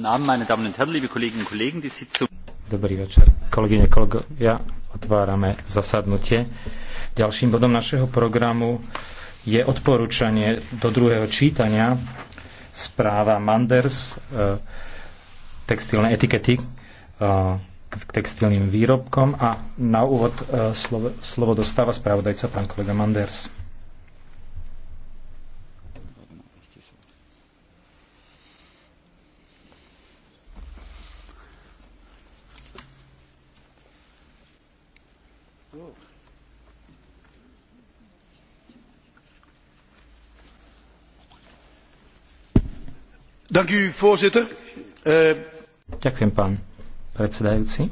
Dobrý večer, kolegyne, kolegovia. Otvárame zasadnutie. Ďalším bodom našeho programu je odporúčanie do druhého čítania správa Manders eh, textilné etikety eh, k textilným výrobkom a na úvod eh, slovo, slovo dostáva spravodajca pán kolega Manders. voorzitter. Eh, Ďakujem, pán predsedajúci.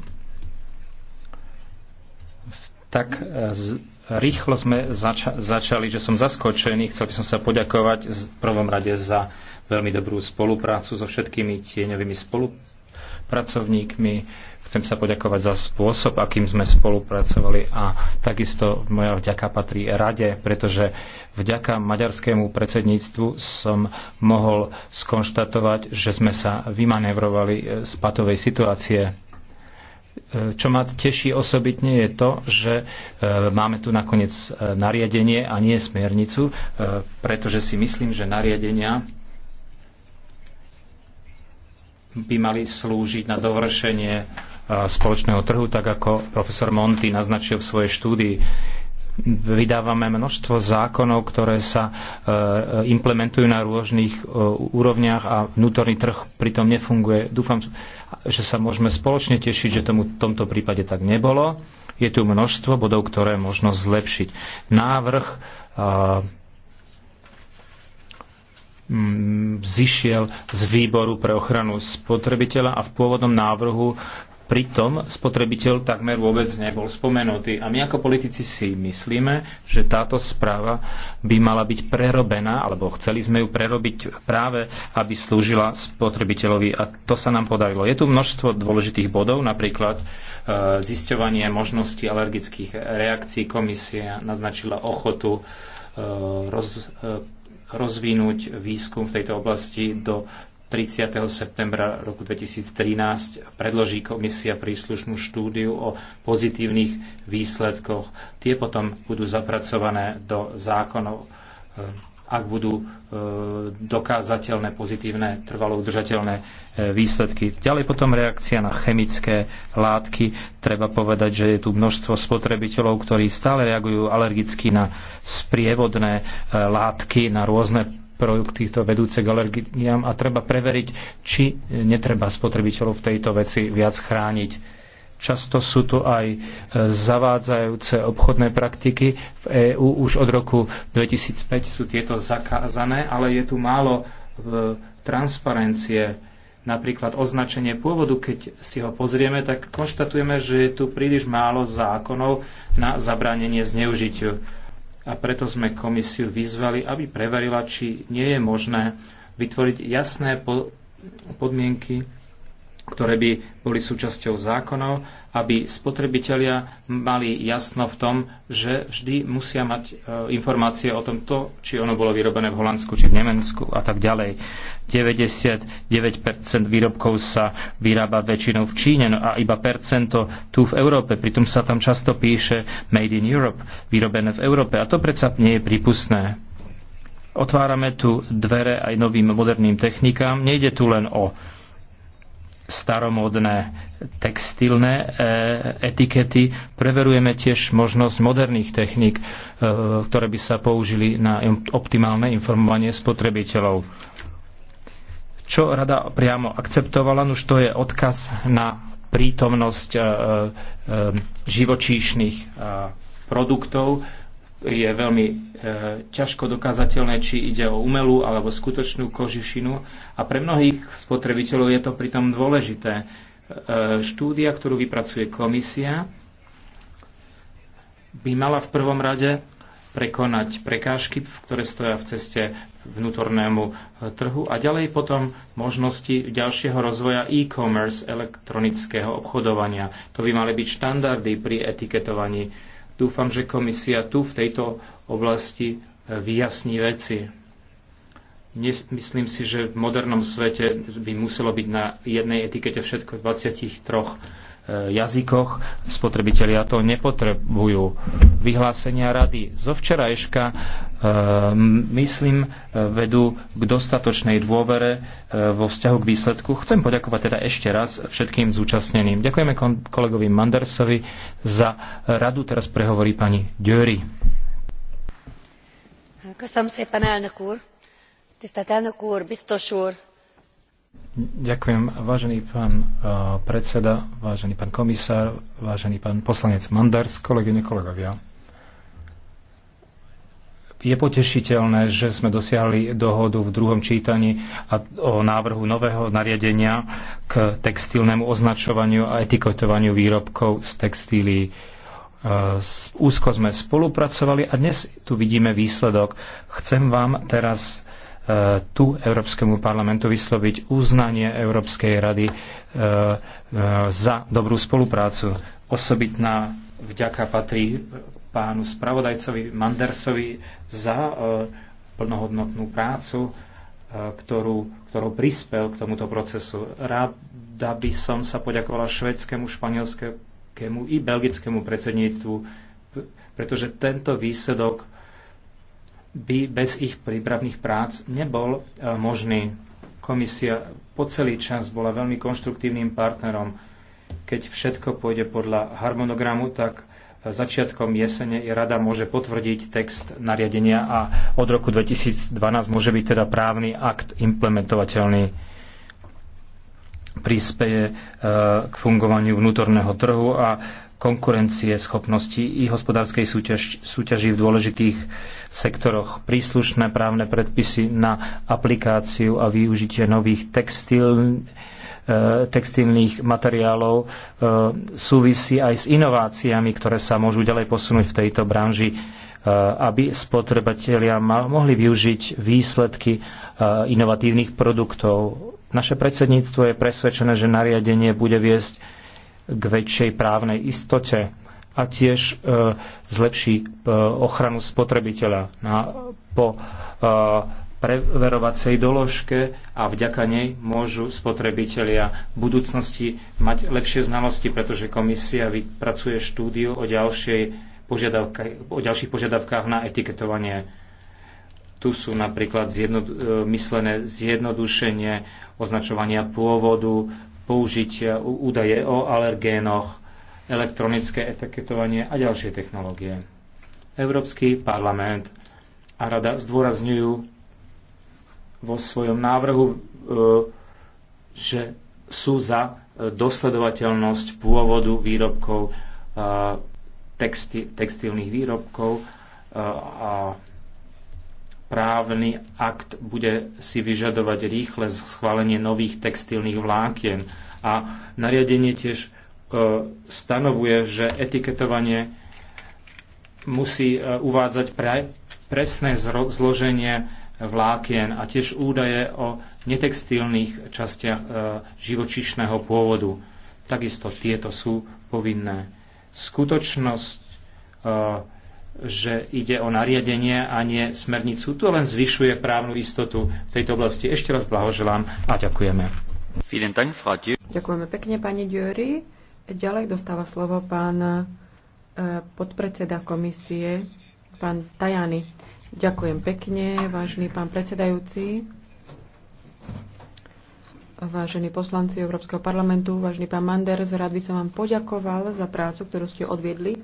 Tak eh, z, rýchlo sme zača- začali, že som zaskočený. Chcel by som sa poďakovať v prvom rade za veľmi dobrú spoluprácu so všetkými tieňovými spoluprácami pracovníkmi. Chcem sa poďakovať za spôsob, akým sme spolupracovali a takisto moja vďaka patrí rade, pretože vďaka maďarskému predsedníctvu som mohol skonštatovať, že sme sa vymanevrovali e, z patovej situácie. E, čo ma teší osobitne je to, že e, máme tu nakoniec nariadenie a nie smernicu, pretože si myslím, že nariadenia by mali slúžiť na dovršenie e, spoločného trhu, tak ako profesor Monty naznačil v svojej štúdii. Vydávame množstvo zákonov, ktoré sa e, implementujú na rôznych e, úrovniach a vnútorný trh pritom nefunguje. Dúfam, že sa môžeme spoločne tešiť, že tomu v tomto prípade tak nebolo. Je tu množstvo bodov, ktoré možno zlepšiť. Návrh Mm, zišiel z výboru pre ochranu spotrebiteľa a v pôvodnom návrhu pritom spotrebiteľ takmer vôbec nebol spomenutý. A my ako politici si myslíme, že táto správa by mala byť prerobená, alebo chceli sme ju prerobiť práve, aby slúžila spotrebiteľovi. A to sa nám podarilo. Je tu množstvo dôležitých bodov, napríklad e, zisťovanie možností alergických reakcií. Komisia naznačila ochotu e, roz, e, rozvinúť výskum v tejto oblasti do 30. septembra roku 2013 predloží komisia príslušnú štúdiu o pozitívnych výsledkoch. Tie potom budú zapracované do zákonov ak budú e, dokázateľné, pozitívne, trvalo udržateľné e, výsledky. Ďalej potom reakcia na chemické látky. Treba povedať, že je tu množstvo spotrebiteľov, ktorí stále reagujú alergicky na sprievodné e, látky, na rôzne produkty to vedúce k alergiám a treba preveriť, či netreba spotrebiteľov v tejto veci viac chrániť Často sú tu aj e, zavádzajúce obchodné praktiky. V EÚ už od roku 2005 sú tieto zakázané, ale je tu málo e, transparencie. Napríklad označenie pôvodu, keď si ho pozrieme, tak konštatujeme, že je tu príliš málo zákonov na zabránenie zneužitiu. A preto sme komisiu vyzvali, aby preverila, či nie je možné vytvoriť jasné podmienky ktoré by boli súčasťou zákonov, aby spotrebitelia mali jasno v tom, že vždy musia mať e, informácie o tom, to, či ono bolo vyrobené v Holandsku, či v Nemecku a tak ďalej. 99% výrobkov sa vyrába väčšinou v Číne no a iba percento tu v Európe. Pritom sa tam často píše Made in Europe, vyrobené v Európe. A to predsa nie je prípustné. Otvárame tu dvere aj novým moderným technikám. Nejde tu len o staromodné textilné e, etikety. Preverujeme tiež možnosť moderných techník, e, ktoré by sa použili na optimálne informovanie spotrebiteľov. Čo rada priamo akceptovala, už to je odkaz na prítomnosť e, živočíšnych produktov je veľmi e, ťažko dokázateľné, či ide o umelú alebo skutočnú kožišinu a pre mnohých spotrebiteľov je to pritom dôležité. E, štúdia, ktorú vypracuje komisia, by mala v prvom rade prekonať prekážky, ktoré stoja v ceste vnútornému e, trhu a ďalej potom možnosti ďalšieho rozvoja e-commerce elektronického obchodovania. To by mali byť štandardy pri etiketovaní Dúfam, že komisia tu v tejto oblasti e, vyjasní veci. Myslím si, že v modernom svete by muselo byť na jednej etikete všetko 23 E, jazykoch. Spotrebitelia to nepotrebujú. Vyhlásenia rady zo včerajška e, myslím e, vedú k dostatočnej dôvere vo vzťahu k výsledku. Chcem poďakovať teda ešte raz všetkým zúčastneným. Ďakujeme kolegovi Mandersovi za radu. Teraz prehovorí pani Dury. Köszönöm szépen, elnök úr! Tisztelt elnök úr, biztos úr, Ďakujem, vážený pán e, predseda, vážený pán komisár, vážený pán poslanec Mandars, kolegyne, kolegovia. Je potešiteľné, že sme dosiahli dohodu v druhom čítaní a o návrhu nového nariadenia k textilnému označovaniu a etiketovaniu výrobkov z textílií. E, úzko sme spolupracovali a dnes tu vidíme výsledok. Chcem vám teraz E, tu Európskemu parlamentu vysloviť uznanie Európskej rady e, e, za dobrú spoluprácu. Osobitná vďaka patrí pánu spravodajcovi Mandersovi za plnohodnotnú prácu, ktorú, ktorú prispel k tomuto procesu. Rada by som sa poďakovala švedskému, španielskému i belgickému predsedníctvu, pretože tento výsledok by bez ich prípravných prác nebol e, možný. Komisia po celý čas bola veľmi konštruktívnym partnerom. Keď všetko pôjde podľa harmonogramu, tak e, začiatkom jesene rada môže potvrdiť text nariadenia a od roku 2012 môže byť teda právny akt implementovateľný príspeje e, k fungovaniu vnútorného trhu a konkurencie schopnosti i hospodárskej súťaž, súťaži v dôležitých sektoroch. Príslušné právne predpisy na aplikáciu a využitie nových textil, e, textilných materiálov e, súvisí aj s inováciami, ktoré sa môžu ďalej posunúť v tejto branži e, aby spotrebatelia mohli využiť výsledky inovatívnych produktov. Naše predsedníctvo je presvedčené, že nariadenie bude viesť k väčšej právnej istote a tiež e, zlepší e, ochranu spotrebiteľa na, po e, preverovacej doložke a vďaka nej môžu spotrebitelia v budúcnosti mať lepšie znalosti, pretože komisia vypracuje štúdiu o, ďalšej o ďalších požiadavkách na etiketovanie. Tu sú napríklad zjedno, myslené zjednodušenie označovania pôvodu, použiť e, údaje o alergénoch, elektronické etiketovanie a ďalšie technológie. Európsky parlament a rada zdôrazňujú vo svojom návrhu, e, že sú za e, dosledovateľnosť pôvodu výrobkov, textilných výrobkov a právny akt bude si vyžadovať rýchle schválenie nových textilných vlákien. A nariadenie tiež e, stanovuje, že etiketovanie musí e, uvádzať pre, presné zloženie vlákien a tiež údaje o netextilných častiach e, živočíšneho pôvodu. Takisto tieto sú povinné. Skutočnosť že ide o nariadenie a nie smernicu. To len zvyšuje právnu istotu v tejto oblasti. Ešte raz blahoželám a ďakujeme. Ďakujeme pekne, pani Diori. Ďalej dostáva slovo pán e, podpredseda komisie, pán Tajany. Ďakujem pekne, vážený pán predsedajúci, vážení poslanci Európskeho parlamentu, vážený pán Manders, rád by som vám poďakoval za prácu, ktorú ste odviedli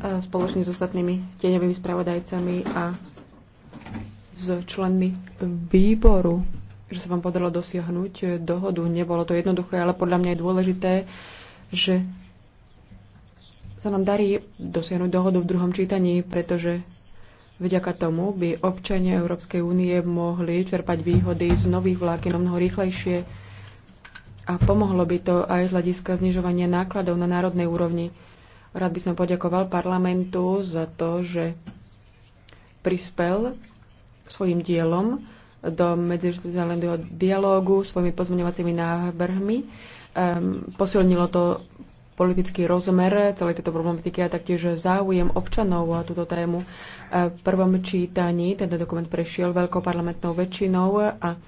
spoločne s ostatnými tieňovými spravodajcami a s členmi výboru, že sa vám podarilo dosiahnuť dohodu. Nebolo to jednoduché, ale podľa mňa je dôležité, že sa nám darí dosiahnuť dohodu v druhom čítaní, pretože vďaka tomu by občania Európskej únie mohli čerpať výhody z nových vlákien o mnoho rýchlejšie a pomohlo by to aj z hľadiska znižovania nákladov na národnej úrovni. Rád by som poďakoval parlamentu za to, že prispel svojim dielom do medzištitucionálneho dialógu svojimi pozmeňovacími návrhmi. Um, posilnilo to politický rozmer celej tejto problematiky a taktiež záujem občanov a túto tému. E, v prvom čítaní tento dokument prešiel veľkou parlamentnou väčšinou a e,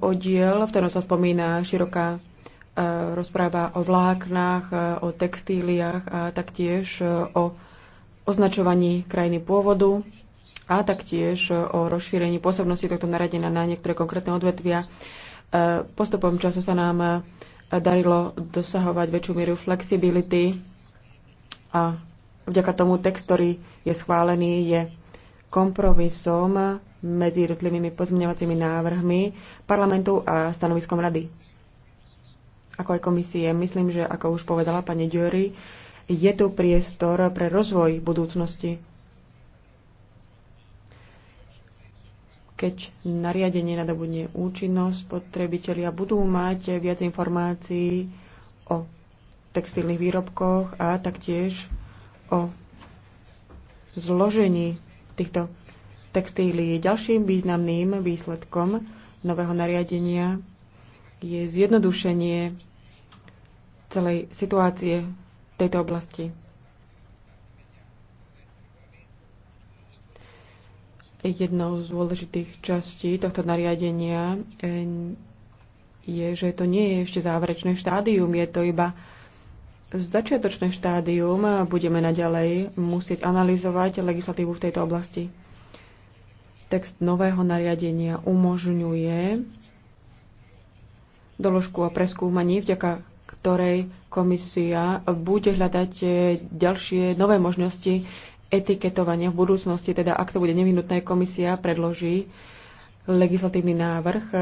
oddiel, v ktorom sa spomína široká E, rozpráva o vláknách, e, o textíliách a taktiež e, o označovaní krajiny pôvodu a taktiež o rozšírení pôsobnosti tohto naradenia na niektoré konkrétne odvetvia. Postupom času sa nám darilo dosahovať väčšiu mieru flexibility a vďaka tomu text, ktorý je schválený, je kompromisom medzi jednotlivými pozmeňovacími návrhmi parlamentu a stanoviskom rady ako aj komisie. Myslím, že ako už povedala pani Dury, je tu priestor pre rozvoj budúcnosti. Keď nariadenie nadobudne účinnosť, spotrebitelia budú mať viac informácií o textilných výrobkoch a taktiež o zložení týchto textílií. Ďalším významným výsledkom nového nariadenia je zjednodušenie celej situácie v tejto oblasti. Jednou z dôležitých častí tohto nariadenia eh, je, že to nie je ešte záverečné štádium, je to iba začiatočné štádium. a Budeme naďalej musieť analyzovať legislatívu v tejto oblasti. Text nového nariadenia umožňuje doložku o preskúmaní, vďaka ktorej komisia bude hľadať e, ďalšie nové možnosti etiketovania v budúcnosti, teda ak to bude nevyhnutné, komisia predloží legislatívny návrh e,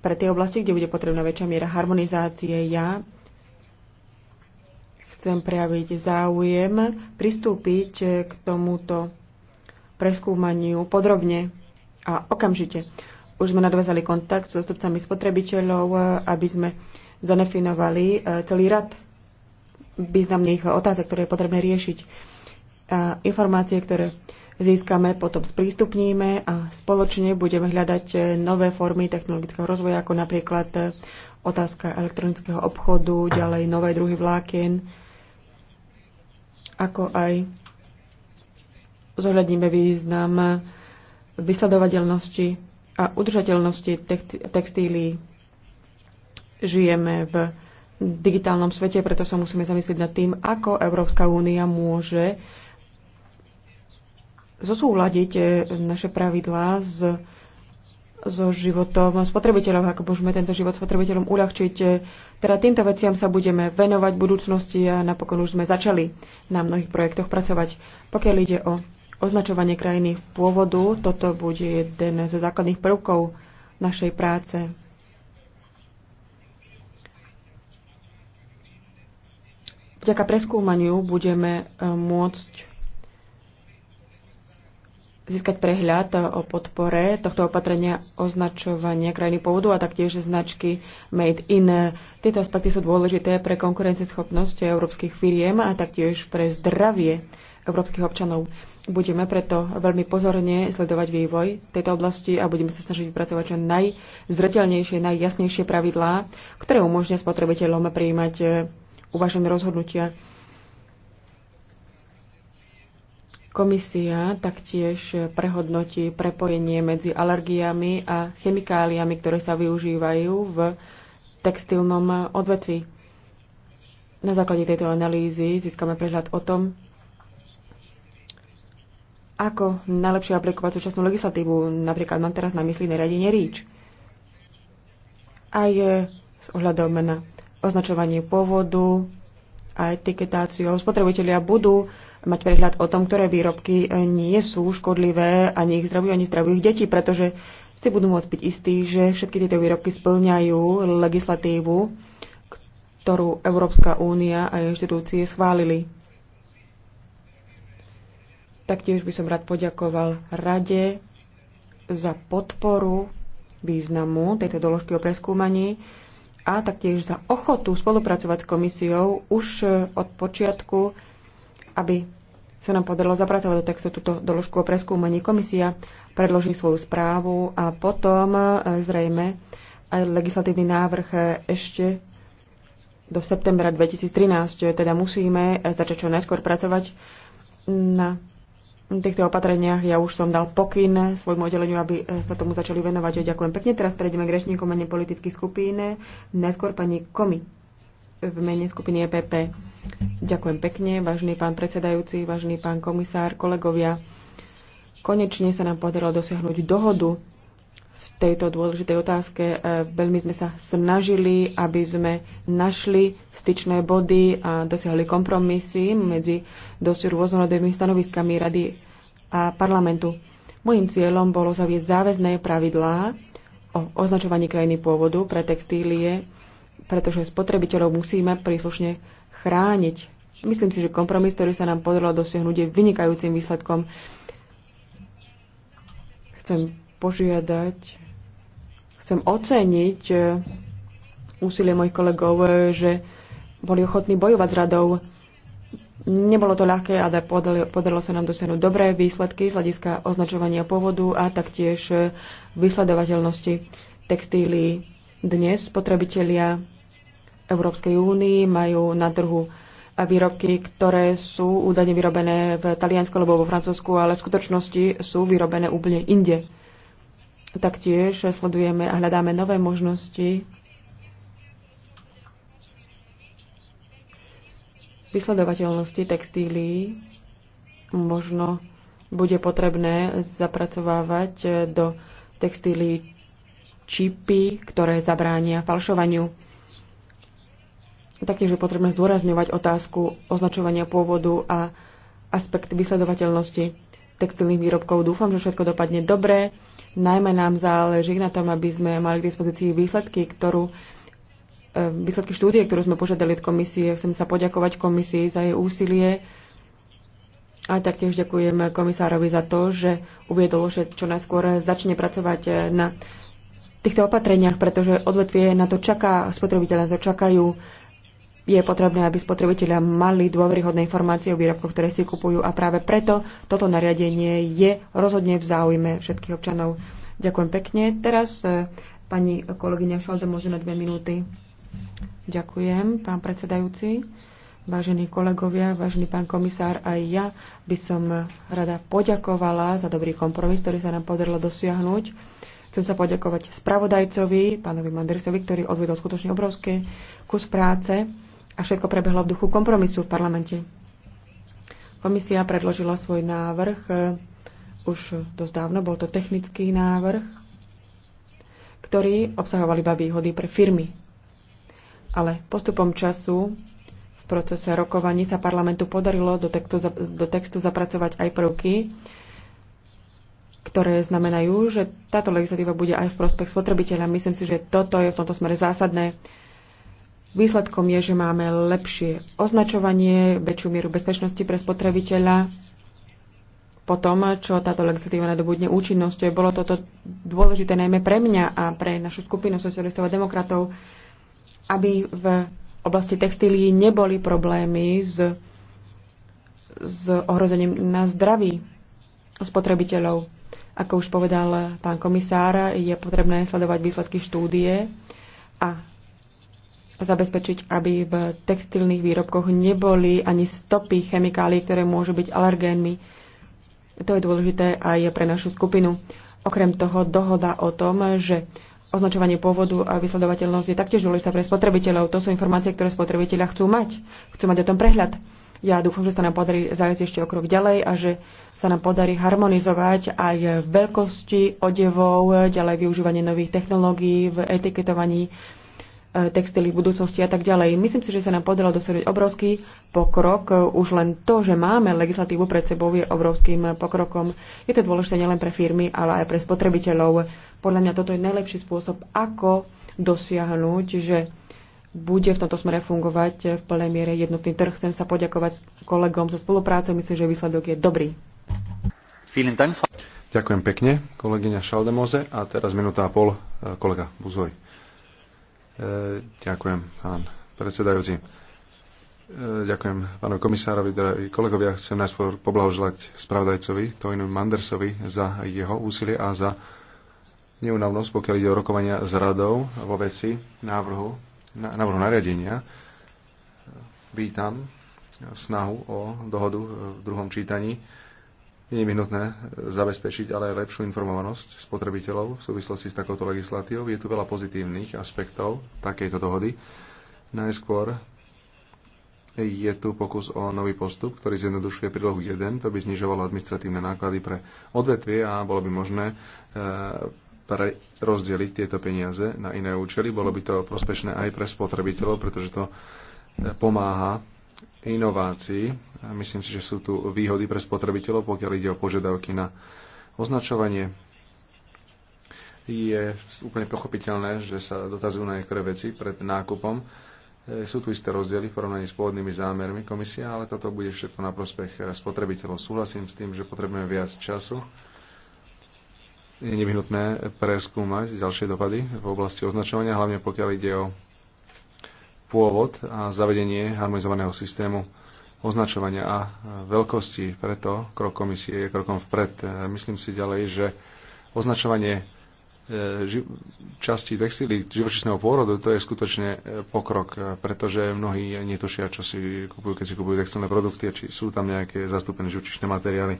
pre tie oblasti, kde bude potrebná väčšia miera harmonizácie. Ja chcem prejaviť záujem pristúpiť e, k tomuto preskúmaniu podrobne a okamžite. Už sme nadvezali kontakt s so zastupcami spotrebiteľov, aby sme zanefinovali e, celý rad významných otázek, ktoré je potrebné riešiť. E, informácie, ktoré získame, potom sprístupníme a spoločne budeme hľadať e, nové formy technologického rozvoja, ako napríklad otázka elektronického obchodu, ďalej nové druhy vlákien, ako aj zohľadníme význam vysledovateľnosti a udržateľnosti textílií. Žijeme v digitálnom svete, preto sa musíme zamyslieť nad tým, ako Európska únia môže zosúľadiť e, naše pravidlá s, so životom spotrebiteľov, ako môžeme tento život spotrebiteľom uľahčiť. E, teda týmto veciam sa budeme venovať v budúcnosti a napokon už sme začali na mnohých projektoch pracovať. Pokiaľ ide o označovanie krajiny pôvodu, toto bude jeden zo základných prvkov našej práce. vďaka preskúmaniu budeme e, môcť získať prehľad o podpore tohto opatrenia označovania krajiny pôvodu a taktiež značky Made in. Tieto aspekty sú dôležité pre konkurencieschopnosť európskych firiem a taktiež pre zdravie európskych občanov. Budeme preto veľmi pozorne sledovať vývoj tejto oblasti a budeme sa snažiť vypracovať čo najzretelnejšie, najjasnejšie pravidlá, ktoré umožnia spotrebiteľom prijímať e, uvažené rozhodnutia. Komisia taktiež prehodnotí prepojenie medzi alergiami a chemikáliami, ktoré sa využívajú v textilnom odvetví. Na základe tejto analýzy získame prehľad o tom, ako najlepšie aplikovať súčasnú legislatívu. Napríklad mám teraz na mysli nariadenie REACH. Aj s ohľadom na označovanie pôvodu a etiketáciou. Spotrebitelia budú mať prehľad o tom, ktoré výrobky e, nie sú škodlivé ani ich zdraví, ani zdraví ich detí, pretože si budú môcť byť istí, že všetky tieto výrobky splňajú legislatívu, ktorú Európska únia a inštitúcie schválili. Taktiež by som rád poďakoval Rade za podporu významu tejto doložky o preskúmaní a taktiež za ochotu spolupracovať s komisiou už e, od počiatku, aby sa nám podarilo zapracovať do textu túto doložku o preskúmaní. Komisia predloží svoju správu a potom e, zrejme aj legislatívny návrh e, ešte do septembra 2013. Teda musíme začať čo najskôr pracovať na týchto opatreniach. Ja už som dal pokyn svojmu oddeleniu, aby e, sa tomu začali venovať. Ďakujem pekne. Teraz prejdeme k rečníkom mene politických skupín. Najskôr pani Komi v mene skupiny EPP. Ďakujem pekne, vážny pán predsedajúci, vážny pán komisár, kolegovia. Konečne sa nám podarilo dosiahnuť dohodu tejto dôležitej otázke. E, veľmi sme sa snažili, aby sme našli styčné body a dosiahli kompromisy medzi dosť rôznorodými stanoviskami Rady a parlamentu. Mojím cieľom bolo zaviesť záväzné pravidlá o označovaní krajiny pôvodu pre textílie, pretože spotrebiteľov musíme príslušne chrániť. Myslím si, že kompromis, ktorý sa nám podarilo dosiahnuť, je vynikajúcim výsledkom. Chcem požiadať Chcem oceniť e, úsilie mojich kolegov, e, že boli ochotní bojovať s radou. Nebolo to ľahké, ale podarilo sa nám dosiahnuť dobré výsledky z hľadiska označovania pôvodu a taktiež e, vysledovateľnosti textílií. Dnes spotrebitelia Európskej únii majú na trhu výrobky, ktoré sú údajne vyrobené v Taliansku alebo vo Francúzsku, ale v skutočnosti sú vyrobené úplne inde. Taktiež sledujeme a hľadáme nové možnosti vysledovateľnosti textílií. Možno bude potrebné zapracovávať do textílií čipy, ktoré zabránia falšovaniu. Taktiež je potrebné zdôrazňovať otázku označovania pôvodu a aspekt vysledovateľnosti textilných výrobkov. Dúfam, že všetko dopadne dobre. Najmä nám záleží na tom, aby sme mali k dispozícii výsledky, ktorú e, výsledky štúdie, ktorú sme požiadali od komisie. Chcem sa poďakovať komisii za jej úsilie a taktiež ďakujem komisárovi za to, že uviedol, že čo najskôr začne pracovať na týchto opatreniach, pretože odvetvie na to čaká, spotrebiteľe na to čakajú. Je potrebné, aby spotrebitelia mali dôveryhodné informácie o výrobkoch, ktoré si kupujú a práve preto toto nariadenie je rozhodne v záujme všetkých občanov. Ďakujem pekne. Teraz e, pani kolegyňa Šolde, môže na dve minúty. Ďakujem, pán predsedajúci. Vážení kolegovia, vážený pán komisár, aj ja by som rada poďakovala za dobrý kompromis, ktorý sa nám podarilo dosiahnuť. Chcem sa poďakovať spravodajcovi, pánovi Mandersovi, ktorý odvedol skutočne obrovské kus práce a všetko prebehlo v duchu kompromisu v parlamente. Komisia predložila svoj návrh e, už dosť dávno, bol to technický návrh, ktorý obsahoval iba výhody pre firmy. Ale postupom času v procese rokovaní sa parlamentu podarilo do textu, do textu zapracovať aj prvky, ktoré znamenajú, že táto legislatíva bude aj v prospech spotrebiteľa. Myslím si, že toto je v tomto smere zásadné. Výsledkom je, že máme lepšie označovanie, väčšiu mieru bezpečnosti pre spotrebiteľa. Po tom, čo táto legislatíva nadobudne účinnosťou, bolo toto dôležité najmä pre mňa a pre našu skupinu socialistov a demokratov, aby v oblasti textílií neboli problémy s, s ohrozením na zdraví spotrebiteľov. Ako už povedal pán komisár, je potrebné sledovať výsledky štúdie a zabezpečiť, aby v textilných výrobkoch neboli ani stopy chemikálií, ktoré môžu byť alergénmi. To je dôležité aj pre našu skupinu. Okrem toho dohoda o tom, že označovanie pôvodu a vysledovateľnosť je taktiež dôležitá pre spotrebiteľov. To sú informácie, ktoré spotrebiteľa chcú mať. Chcú mať o tom prehľad. Ja dúfam, že sa nám podarí zájsť ešte o krok ďalej a že sa nám podarí harmonizovať aj veľkosti odevov, ďalej využívanie nových technológií v etiketovaní E, textily v budúcnosti a tak ďalej. Myslím si, že sa nám podarilo dosiahnuť obrovský pokrok. E, už len to, že máme legislatívu pred sebou, je obrovským pokrokom. Je to dôležité nielen pre firmy, ale aj pre spotrebiteľov. Podľa mňa toto je najlepší spôsob, ako dosiahnuť, že bude v tomto smere fungovať v plnej miere jednotný trh. Chcem sa poďakovať kolegom za spoluprácu. Myslím, že výsledok je dobrý. Ďakujem pekne, kolegyňa Šaldemoze. A teraz minúta a pol, e, kolega Buzoj. E, ďakujem, pán predsedajúci. E, ďakujem pánu komisárovi, drahí kolegovia. Chcem najskôr poblahoželať spravodajcovi Toinu Mandersovi za jeho úsilie a za neunavnosť, pokiaľ ide o rokovania s radou vo veci návrhu, návrhu nariadenia. Vítam snahu o dohodu v druhom čítaní je nevyhnutné zabezpečiť ale aj lepšiu informovanosť spotrebiteľov v súvislosti s takouto legislatívou. Je tu veľa pozitívnych aspektov takejto dohody. Najskôr je tu pokus o nový postup, ktorý zjednodušuje prílohu 1. To by znižovalo administratívne náklady pre odvetvie a bolo by možné e, pre rozdeliť tieto peniaze na iné účely. Bolo by to prospešné aj pre spotrebiteľov, pretože to e, pomáha inovácií. Myslím si, že sú tu výhody pre spotrebiteľov, pokiaľ ide o požiadavky na označovanie. Je úplne pochopiteľné, že sa dotazujú na niektoré veci pred nákupom. E, sú tu isté rozdiely v porovnaní s pôvodnými zámermi komisia, ale toto bude všetko na prospech spotrebiteľov. Súhlasím s tým, že potrebujeme viac času. Je nevyhnutné preskúmať ďalšie dopady v oblasti označovania, hlavne pokiaľ ide o pôvod a zavedenie harmonizovaného systému označovania a veľkosti. Preto krok komisie je krokom vpred. Myslím si ďalej, že označovanie e, časti textíly živočíšneho pôrodu, to je skutočne e, pokrok, e, pretože mnohí netušia, čo si kupujú, keď si kupujú textilné produkty či sú tam nejaké zastúpené živočíšne materiály.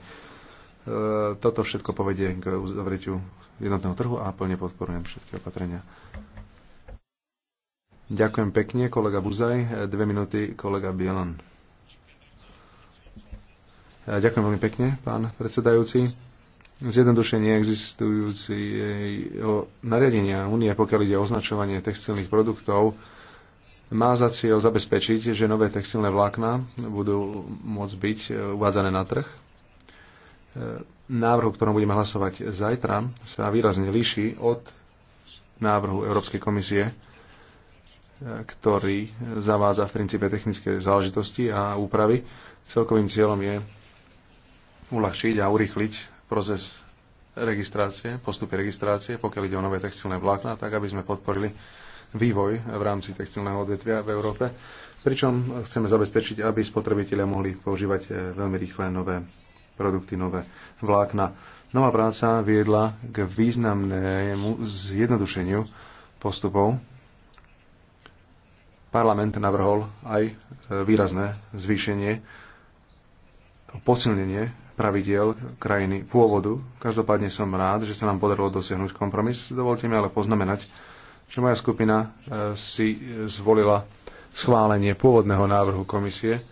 Toto všetko povedie k uzavretiu jednotného trhu a plne podporujem všetky opatrenia. Ďakujem pekne, kolega Buzaj. Dve minúty, kolega Bielan. Ďakujem veľmi pekne, pán predsedajúci. Zjednodušenie existujúceho nariadenia únie, pokiaľ ide o označovanie textilných produktov, má za cieľ zabezpečiť, že nové textilné vlákna budú môcť byť uvádzané na trh. Návrh, o ktorom budeme hlasovať zajtra, sa výrazne líši od návrhu Európskej komisie ktorý zavádza v princípe technické záležitosti a úpravy. Celkovým cieľom je uľahčiť a urýchliť proces registrácie, postupy registrácie, pokiaľ ide o nové textilné vlákna, tak aby sme podporili vývoj v rámci textilného odvetvia v Európe, pričom chceme zabezpečiť, aby spotrebitelia mohli používať e, veľmi rýchle nové produkty, nové vlákna. Nová práca viedla k významnému zjednodušeniu postupov Parlament navrhol aj e, výrazné zvýšenie, posilnenie pravidiel krajiny pôvodu. Každopádne som rád, že sa nám podarilo dosiahnuť kompromis. Dovolte mi ale poznamenať, že moja skupina e, si zvolila schválenie pôvodného návrhu komisie,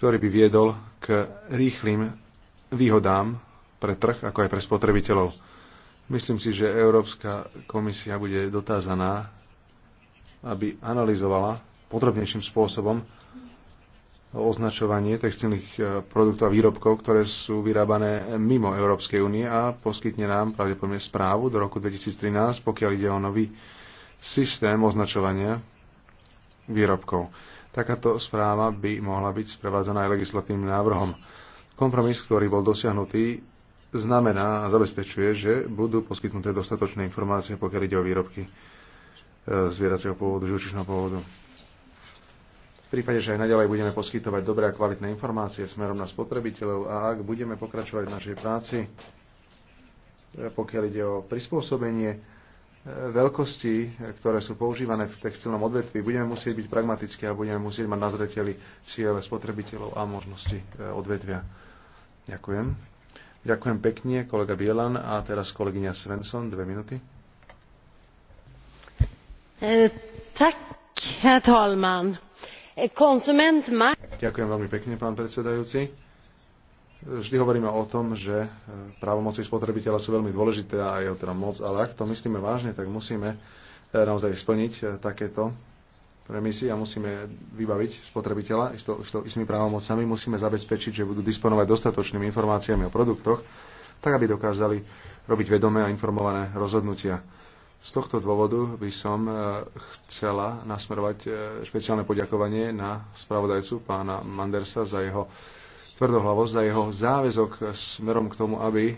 ktorý by viedol k rýchlým výhodám pre trh, ako aj pre spotrebiteľov. Myslím si, že Európska komisia bude dotázaná aby analyzovala podrobnejším spôsobom označovanie textilných e, produktov a výrobkov, ktoré sú vyrábané mimo Európskej únie a poskytne nám pravdepodobne správu do roku 2013, pokiaľ ide o nový systém označovania výrobkov. Takáto správa by mohla byť sprevádzaná aj legislatívnym návrhom. Kompromis, ktorý bol dosiahnutý, znamená a zabezpečuje, že budú poskytnuté dostatočné informácie, pokiaľ ide o výrobky E, zvieracieho pôvodu, živočišného pôvodu. V prípade, že aj naďalej budeme poskytovať dobré a kvalitné informácie smerom na spotrebiteľov a ak budeme pokračovať v našej práci, e, pokiaľ ide o prispôsobenie e, veľkosti, ktoré sú používané v textilnom odvetví, budeme musieť byť pragmatickí a budeme musieť mať na zreteli ciele spotrebiteľov a možnosti odvetvia. Ďakujem. Ďakujem pekne, kolega Bielan a teraz kolegyňa Svensson, dve minúty. Eh, eh, Ďakujem veľmi pekne, pán predsedajúci. Vždy hovoríme o tom, že eh, právomoci spotrebiteľa sú veľmi dôležité a jeho teda moc, ale ak to myslíme vážne, tak musíme naozaj splniť takéto premisy a musíme vybaviť spotrebiteľa istými právomocami, musíme zabezpečiť, že budú disponovať dostatočnými informáciami o produktoch, tak aby dokázali robiť vedomé a informované rozhodnutia. Z tohto dôvodu by som e, chcela nasmerovať e, špeciálne poďakovanie na spravodajcu pána Mandersa za jeho tvrdohlavosť, za jeho záväzok smerom k tomu, aby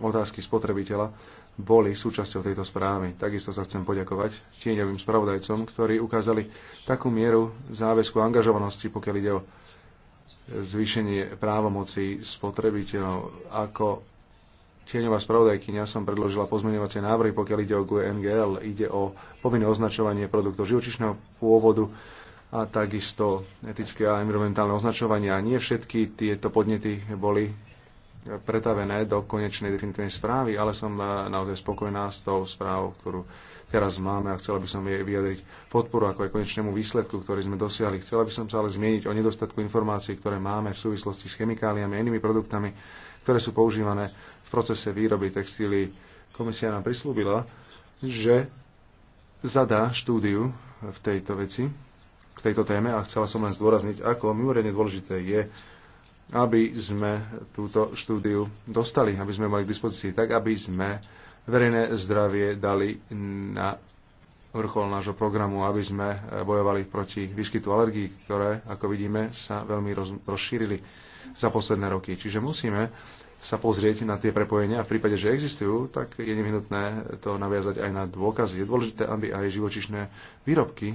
otázky spotrebiteľa boli súčasťou tejto správy. Takisto sa chcem poďakovať tieňovým spravodajcom, ktorí ukázali takú mieru záväzku a angažovanosti, pokiaľ ide o zvýšenie právomocí spotrebiteľov, ako tieňová spravodajkynia som predložila pozmeňovacie návrhy, pokiaľ ide o GNGL, e NGL, ide o povinné označovanie produktov živočišného pôvodu a takisto etické a environmentálne označovania. Nie všetky tieto podnety boli pretavené do konečnej definitívnej správy, ale som eh, naozaj spokojná s tou správou, ktorú teraz máme a chcela by som jej vyjadriť podporu ako aj konečnému výsledku, ktorý sme dosiahli. Chcela by som sa ale zmieniť o nedostatku informácií, ktoré máme v súvislosti s chemikáliami a inými produktami, ktoré sú používané procese výroby textílií. Komisia nám prislúbila, že zadá štúdiu v tejto veci, k tejto téme a chcela som len zdôrazniť, ako mimoriadne dôležité je, aby sme túto štúdiu dostali, aby sme mali k dispozícii tak, aby sme verejné zdravie dali na vrchol nášho programu, aby sme bojovali proti výskytu alergií, ktoré, ako vidíme, sa veľmi rozšírili za posledné roky. Čiže musíme sa pozrieť na tie prepojenia a v prípade, že existujú, tak je nevyhnutné to naviazať aj na dôkazy. Je dôležité, aby aj živočišné výrobky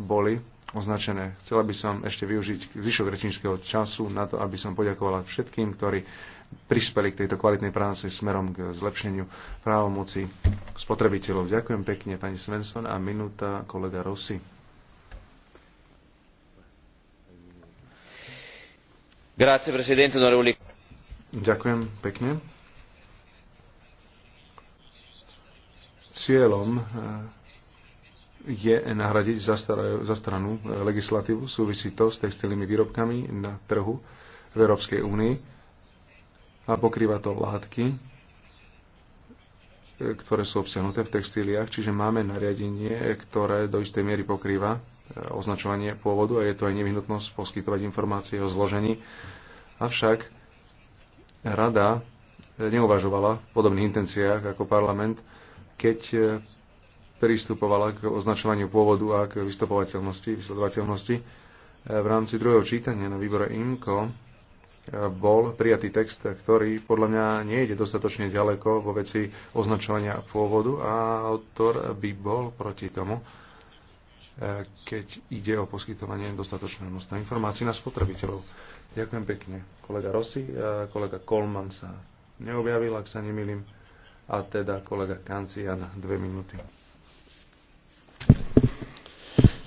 boli označené. Chcela by som ešte využiť zvyšok rečníckého času na to, aby som poďakovala všetkým, ktorí prispeli k tejto kvalitnej práci smerom k zlepšeniu právomoci spotrebiteľov. Ďakujem pekne, pani Svensson a minúta kolega Rossi. Grazie, presidente, onorevoli Ďakujem pekne. Cieľom eh, je nahradiť za stranu eh, legislatívu, súvisí to s textilnými výrobkami na trhu v Európskej únii a pokrýva to látky, eh, ktoré sú obsiahnuté v textíliách, čiže máme nariadenie, ktoré do istej miery pokrýva označovanie pôvodu a je to aj nevyhnutnosť poskytovať informácie o zložení. Avšak rada neuvažovala v podobných intenciách ako parlament, keď e, pristupovala k označovaniu pôvodu a k vystupovateľnosti, vysledovateľnosti. E, v rámci druhého čítania na výbore IMCO e, bol prijatý text, ktorý podľa mňa nejde dostatočne ďaleko vo veci označovania pôvodu a autor by bol proti tomu, keď ide o poskytovanie dostatočného množstva informácií na spotrebiteľov. Ďakujem pekne. Kolega Rossi, a e, kolega Kolman sa neobjavil, ak sa nemýlim. A teda kolega Kancian, dve minúty.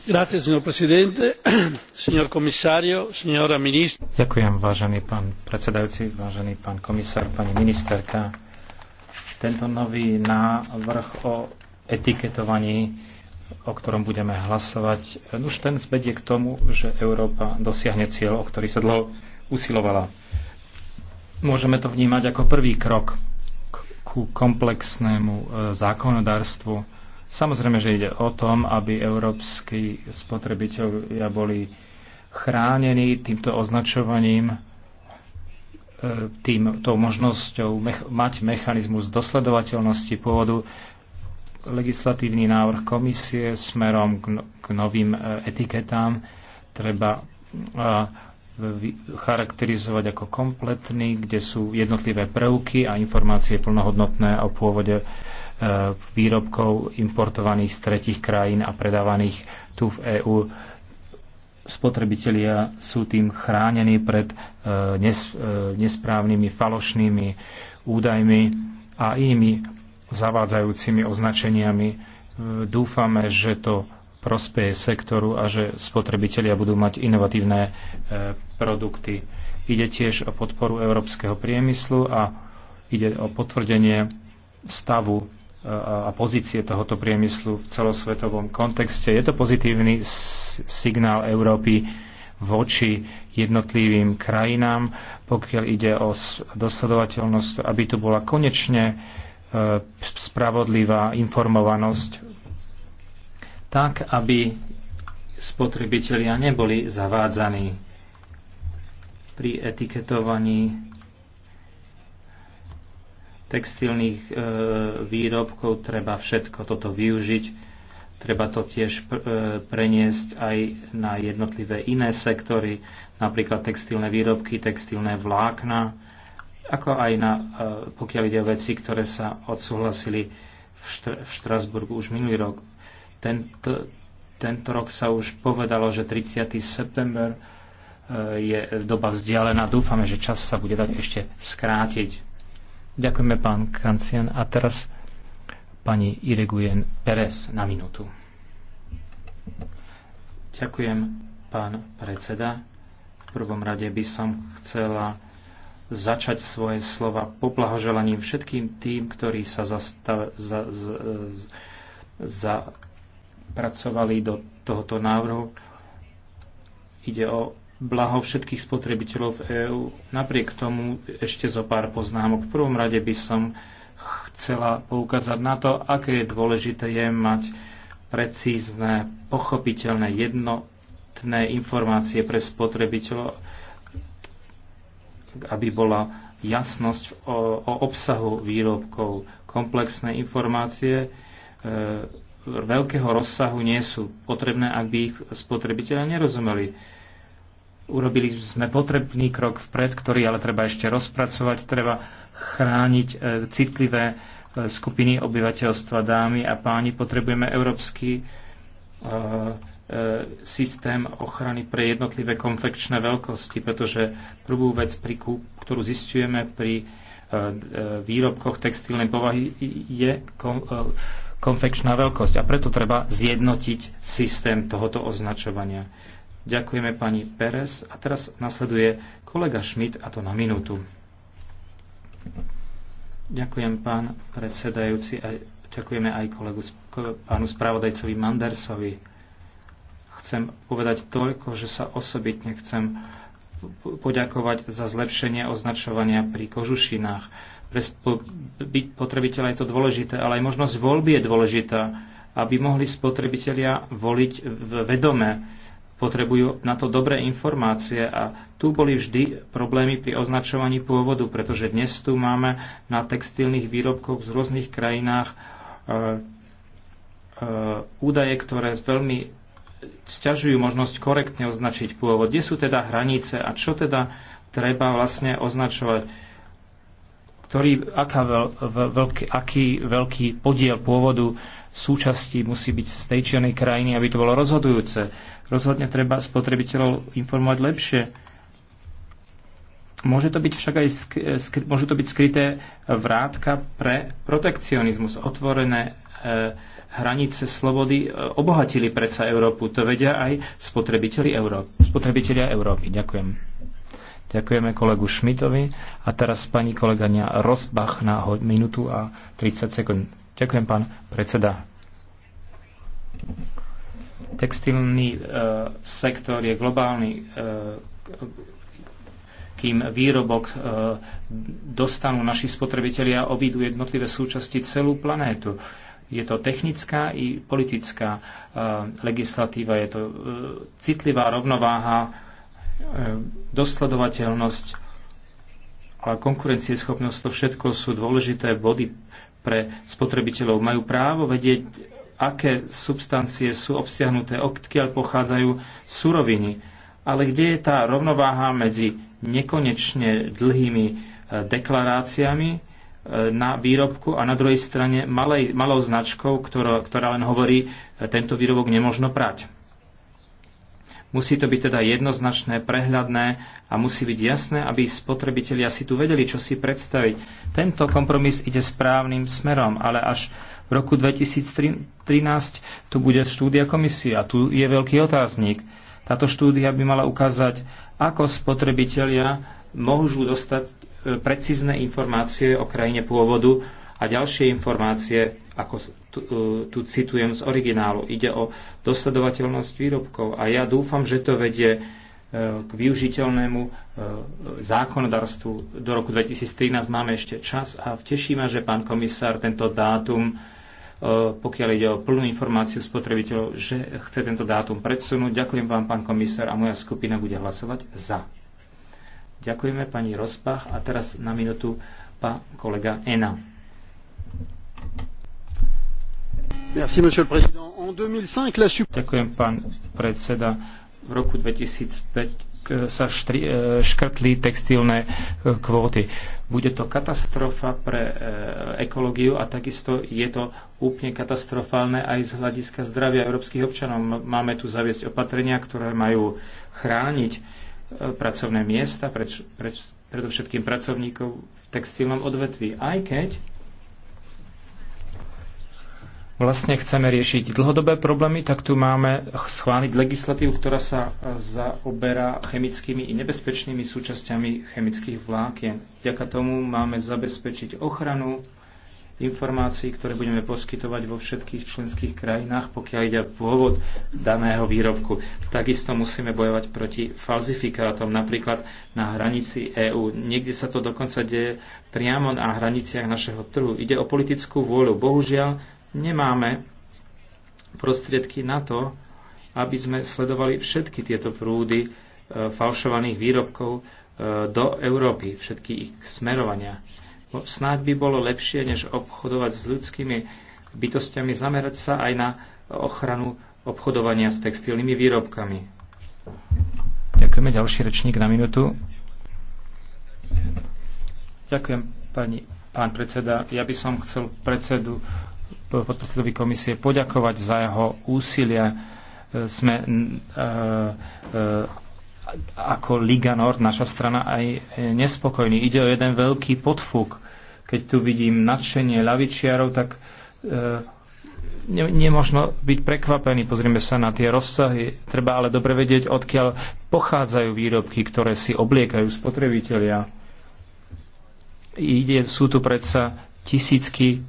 Grazie, signor presidente, signor commissario, signora ministra. Ďakujem, vážený pán predsedajúci, vážený pán komisár, pani ministerka. Tento nový návrh o etiketovaní o ktorom budeme hlasovať, e, už ten zvedie k tomu, že Európa dosiahne cieľ, o ktorý sa dlho usilovala. Môžeme to vnímať ako prvý krok ku komplexnému e, zákonodárstvu. Samozrejme, že ide o tom, aby európsky spotrebitelia boli chránení týmto označovaním, e, tým, tou možnosťou mech, mať mechanizmus dosledovateľnosti pôvodu, legislatívny návrh komisie smerom k no-, novým e, etiketám treba e, charakterizovať ako kompletný, kde sú jednotlivé prvky a informácie plnohodnotné o pôvode e, výrobkov importovaných z tretich krajín a predávaných tu v EÚ. Spotrebitelia sú tým chránení pred nesprávnymi falošnými údajmi a inými zavádzajúcimi označeniami. E, dúfame, že to prospeje sektoru a že spotrebitelia budú mať inovatívne e, produkty. Ide tiež o podporu európskeho priemyslu a ide o potvrdenie stavu e, a pozície tohoto priemyslu v celosvetovom kontexte. Je to pozitívny signál Európy voči jednotlivým krajinám, pokiaľ ide o dosledovateľnosť, aby tu bola konečne E, spravodlivá informovanosť tak, aby spotrebitelia neboli zavádzaní pri etiketovaní textilných e, výrobkov treba všetko toto využiť. Treba to tiež e, preniesť aj na jednotlivé iné sektory, napríklad textilné výrobky, textilné vlákna, ako aj na, e, pokiaľ ide o veci, ktoré sa odsúhlasili v, Štr- v Štrasburgu už minulý rok. Tento, tento rok sa už povedalo, že 30. september e, je doba vzdialená. Dúfame, že čas sa bude dať ešte skrátiť. Ďakujeme, pán Kancian. A teraz pani Iregujen Perez na minútu. Ďakujem, pán predseda. V prvom rade by som chcela začať svoje slova poplahoželaním všetkým tým, ktorí sa zapracovali za, za, zapracovali do tohoto návrhu. Ide o blaho všetkých spotrebiteľov v EÚ. Napriek tomu ešte zo pár poznámok. V prvom rade by som chcela poukázať na to, aké je dôležité je mať precízne, pochopiteľné, jednotné informácie pre spotrebiteľov aby bola jasnosť o, o obsahu výrobkov. Komplexné informácie e, veľkého rozsahu nie sú potrebné, ak by ich spotrebiteľa nerozumeli. Urobili sme potrebný krok vpred, ktorý ale treba ešte rozpracovať. Treba chrániť e, citlivé e, skupiny obyvateľstva, dámy a páni. Potrebujeme európsky e, E, systém ochrany pre jednotlivé konfekčné veľkosti, pretože prvú vec, pri kúp, ktorú zistujeme pri e, e, výrobkoch textilnej povahy, je konfekčná veľkosť. A preto treba zjednotiť systém tohoto označovania. Ďakujeme pani Perez. a teraz nasleduje kolega Schmidt a to na minútu. Ďakujem pán predsedajúci a ďakujeme aj kolegu, pánu spravodajcovi Mandersovi chcem povedať toľko, že sa osobitne chcem poďakovať za zlepšenie označovania pri kožušinách. Pre byť potrebiteľa je to dôležité, ale aj možnosť voľby je dôležitá, aby mohli spotrebitelia voliť v vedome. Potrebujú na to dobré informácie a tu boli vždy problémy pri označovaní pôvodu, pretože dnes tu máme na textilných výrobkoch z rôznych krajinách e, e, údaje, ktoré veľmi sťažujú možnosť korektne označiť pôvod. Kde sú teda hranice a čo teda treba vlastne označovať? Ktorý, aká veľ, veľký, aký veľký podiel pôvodu súčasti musí byť z tej či krajiny, aby to bolo rozhodujúce. Rozhodne treba spotrebiteľov informovať lepšie. Môže to byť však aj skry, môžu to byť skryté vrátka pre protekcionizmus, otvorené e, hranice slobody e, obohatili predsa Európu. To vedia aj spotrebitelia Európy. Spotrebitelia Európy. Ďakujem. Ďakujeme kolegu Šmitovi a teraz pani kolegania Rozbach na minútu a 30 sekúnd. Ďakujem, pán predseda. Textilný e, sektor je globálny, e, kým výrobok e, dostanú naši spotrebitelia obídu jednotlivé súčasti celú planétu. E, je to technická i politická e, legislatíva, je to e, citlivá rovnováha, e, dosledovateľnosť a konkurencieschopnosť, to všetko sú dôležité body pre spotrebiteľov. Majú právo vedieť, aké substancie sú obsiahnuté, odkiaľ pochádzajú suroviny. Ale kde je tá rovnováha medzi nekonečne dlhými deklaráciami, na výrobku a na druhej strane malej, malou značkou, ktorá, ktorá len hovorí, tento výrobok nemožno prať. Musí to byť teda jednoznačné, prehľadné a musí byť jasné, aby spotrebitelia si tu vedeli, čo si predstaviť. Tento kompromis ide správnym smerom, ale až v roku 2013 tu bude štúdia komisie a tu je veľký otáznik. Táto štúdia by mala ukázať, ako spotrebitelia môžu dostať precízne informácie o krajine pôvodu a ďalšie informácie, ako tu, e, tu citujem z originálu. Ide o dosledovateľnosť výrobkov a ja dúfam, že to vedie e, k využiteľnému e, zákonodarstvu. Do roku 2013 máme ešte čas a teší ma, že pán komisár tento dátum, pokiaľ ide o plnú informáciu spotrebiteľov, že chce tento dátum predsunúť. Ďakujem vám, pán komisár, a moja skupina bude hlasovať za. Ďakujeme pani Rozpach a teraz na minútu pán kolega Ena. Merci, monsieur le président. En 2005, la... Ďakujem, pán predseda. V roku 2005 sa štri, e, škrtli textilné e, kvóty. Bude to katastrofa pre e, ekológiu a takisto je to úplne katastrofálne aj z hľadiska zdravia európskych občanov. Máme tu zaviesť opatrenia, ktoré majú chrániť E, pracovné miesta, pred, pred, predovšetkým pracovníkov v textilnom odvetví. Aj keď vlastne chceme riešiť dlhodobé problémy, tak tu máme schváliť legislatívu, ktorá sa e, zaoberá chemickými i nebezpečnými súčasťami chemických vlákien. Vďaka tomu máme zabezpečiť ochranu informácií, ktoré budeme poskytovať vo všetkých členských krajinách, pokiaľ ide o pôvod daného výrobku. Takisto musíme bojovať proti falzifikátom, napríklad na hranici EÚ. Niekde sa to dokonca deje priamo na hraniciach našeho trhu. Ide o politickú vôľu. Bohužiaľ, nemáme prostriedky na to, aby sme sledovali všetky tieto prúdy e, falšovaných výrobkov e, do Európy, všetky ich smerovania Snáď by bolo lepšie, než obchodovať s ľudskými bytostiami, zamerať sa aj na ochranu obchodovania s textilnými výrobkami. Ďakujeme. Ďalší rečník na minútu. Ďakujem, pani, pán predseda. Ja by som chcel predsedu, podpredsedovi komisie poďakovať za jeho úsilia. Sme uh, uh, ako Liga Nord, naša strana, aj nespokojní. Ide o jeden veľký podfúk. Keď tu vidím nadšenie lavičiarov, tak e, nemožno byť prekvapený. Pozrieme sa na tie rozsahy. Treba ale dobre vedieť, odkiaľ pochádzajú výrobky, ktoré si obliekajú spotrebitelia. Ide, sú tu predsa tisícky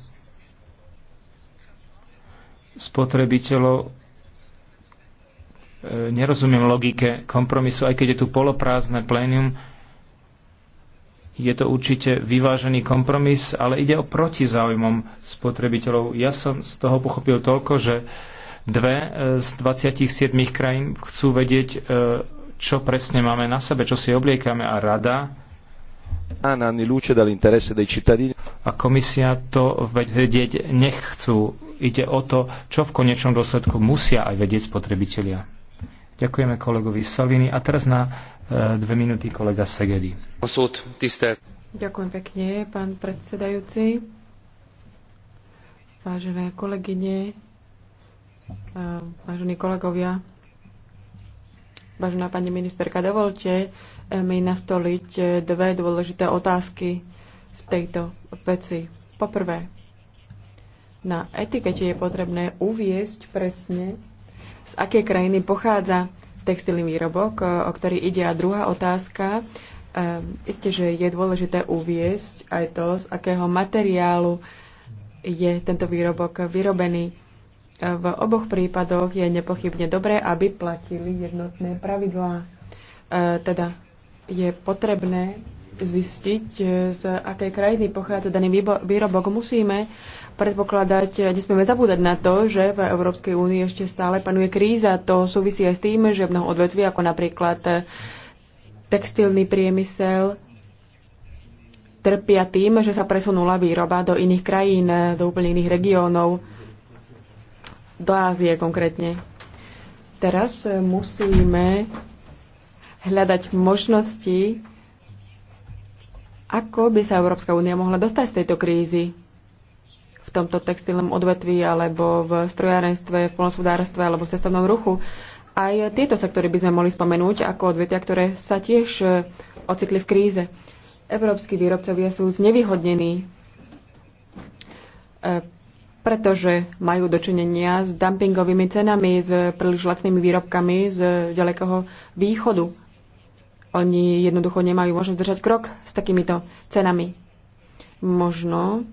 spotrebiteľov. E, nerozumiem logike kompromisu, aj keď je tu poloprázdne plénium, je to určite vyvážený kompromis, ale ide o proti záujmom spotrebiteľov. Ja som z toho pochopil toľko, že dve e, z 27 krajín chcú vedieť, e, čo presne máme na sebe, čo si obliekame a rada a komisia to vedieť nechcú. Ide o to, čo v konečnom dôsledku musia aj vedieť spotrebitelia. Ďakujeme kolegovi Salvini. A teraz na Eh, dve minúty kolega Segedy. Ďakujem pekne, pán predsedajúci. Vážené kolegyne, eh, vážení kolegovia, vážená pani ministerka, dovolte eh, mi nastoliť dve dôležité otázky v tejto veci. Poprvé, na etikete je potrebné uviesť presne, z aké krajiny pochádza textilný výrobok, o ktorý ide. A druhá otázka, ehm, isté, že je dôležité uviesť aj to, z akého materiálu je tento výrobok vyrobený. E, v oboch prípadoch je nepochybne dobré, aby platili jednotné pravidlá. E, teda je potrebné zistiť, e, z akej krajiny pochádza daný výrobok. Musíme predpokladať, e, nesmieme zabúdať na to, že v Európskej únii ešte stále panuje kríza. To súvisí aj s tým, že mnoho odvetví, ako napríklad e, textilný priemysel, trpia tým, že sa presunula výroba do iných krajín, do úplne iných regiónov, do Ázie konkrétne. Teraz musíme hľadať možnosti, ako by sa Európska únia mohla dostať z tejto krízy? v tomto textilnom odvetví, alebo v strojárenstve, v polnospodárstve, alebo v cestovnom ruchu. Aj tieto sektory by sme mohli spomenúť ako odvetia, ktoré sa tiež e, ocitli v kríze. Európsky výrobcovia sú znevýhodnení, e, pretože majú dočinenia s dumpingovými cenami, s príliš lacnými výrobkami z ďalekého východu oni jednoducho nemajú možnosť držať krok s takýmito cenami. Možno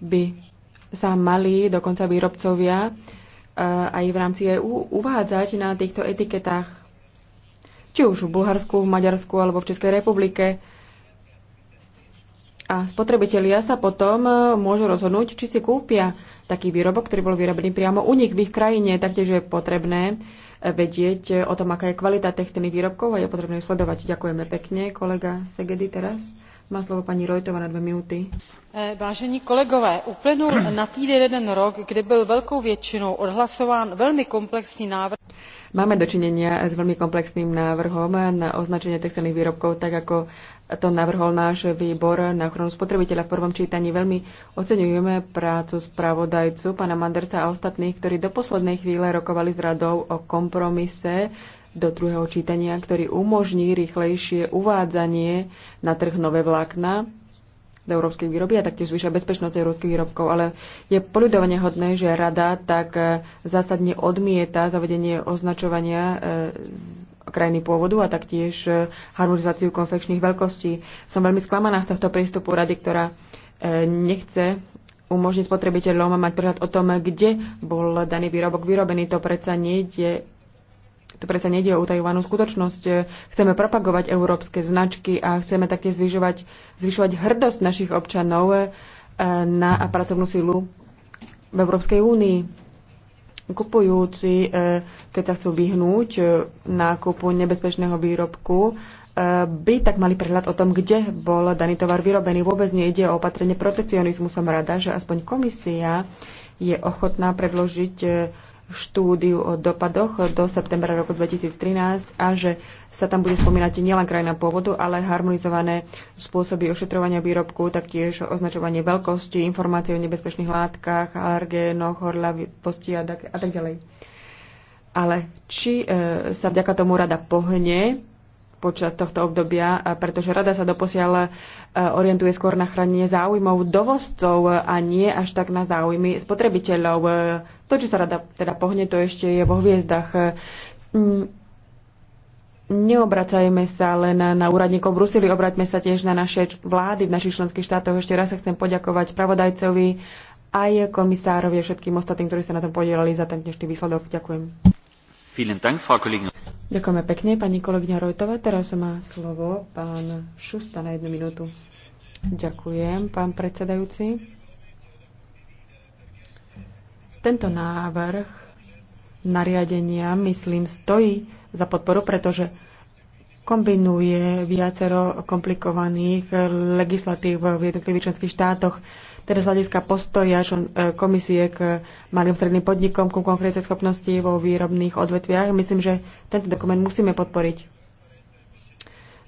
by sa mali dokonca výrobcovia e, aj v rámci EU uvádzať na týchto etiketách. Či už v Bulharsku, v Maďarsku alebo v Českej republike. A spotrebitelia sa potom e, môžu rozhodnúť, či si kúpia taký výrobok, ktorý bol vyrobený priamo u nich v ich krajine. Taktiež je potrebné vedieť o tom, aká je kvalita textilných výrobkov a je potrebné ju sledovať. Ďakujeme pekne. Kolega Segedy teraz. Má slovo pani Rojtova na dve minuty. Eh, vážení kolegové, uplynul na týden jeden rok, kde byl velkou většinou odhlasován velmi komplexní návrh. Máme dočinenia s veľmi komplexným návrhom na označenie textilných výrobkov, tak ako to navrhol náš výbor na ochranu spotrebiteľa v prvom čítaní. Veľmi oceňujeme prácu spravodajcu, pána Mandersa a ostatných, ktorí do poslednej chvíle rokovali s radou o kompromise do druhého čítania, ktorý umožní rýchlejšie uvádzanie na trh nové vlákna do európskej výroby a taktiež zvyšia bezpečnosť európskych výrobkov. Ale je poľudovane hodné, že rada tak zásadne odmieta zavedenie označovania e, krajiny pôvodu a taktiež e, harmonizáciu konfekčných veľkostí. Som veľmi sklamaná z tohto prístupu rady, ktorá e, nechce umožniť spotrebiteľom mať prehľad o tom, kde bol daný výrobok vyrobený. To predsa nejde to predsa nejde o utajovanú skutočnosť. E, chceme propagovať európske značky a chceme také zvyšovať, zvyšovať hrdosť našich občanov na pracovnú silu v Európskej únii kupujúci, e, keď sa chcú vyhnúť e, nákupu nebezpečného výrobku, e, by tak mali prehľad o tom, kde bol daný tovar vyrobený. Vôbec nejde o opatrenie protekcionizmu. Som rada, že aspoň komisia je ochotná predložiť štúdiu o dopadoch do septembra roku 2013 a že sa tam bude spomínať nielen krajina pôvodu, ale harmonizované spôsoby ošetrovania výrobku, taktiež označovanie veľkosti, informácie o nebezpečných látkach, alergénoch, horľavosti a, tak, a tak ďalej. Ale či e, sa vďaka tomu rada pohne počas tohto obdobia, pretože rada sa doposiaľ e, orientuje skôr na chránenie záujmov dovozcov a nie až tak na záujmy spotrebiteľov e, to, či sa rada teda pohne, to ešte je vo hviezdach. Mm, neobracajme sa len na úradníkov Brusily, obraťme sa tiež na naše vlády v našich členských štátoch. Ešte raz sa chcem poďakovať spravodajcovi aj komisárovi a všetkým ostatným, ktorí sa na tom podielali za ten dnešný výsledok. Ďakujem. Ďakujeme pekne, pani kolegyňa Rojtová. Teraz má slovo pán Šusta na jednu minútu. Ďakujem, pán predsedajúci. Tento návrh nariadenia, myslím, stojí za podporu, pretože kombinuje viacero komplikovaných legislatív v jednotlivých členských štátoch teda z hľadiska postoja e, komisie k malým stredným podnikom, ku konkrétnej schopnosti vo výrobných odvetviach. Myslím, že tento dokument musíme podporiť.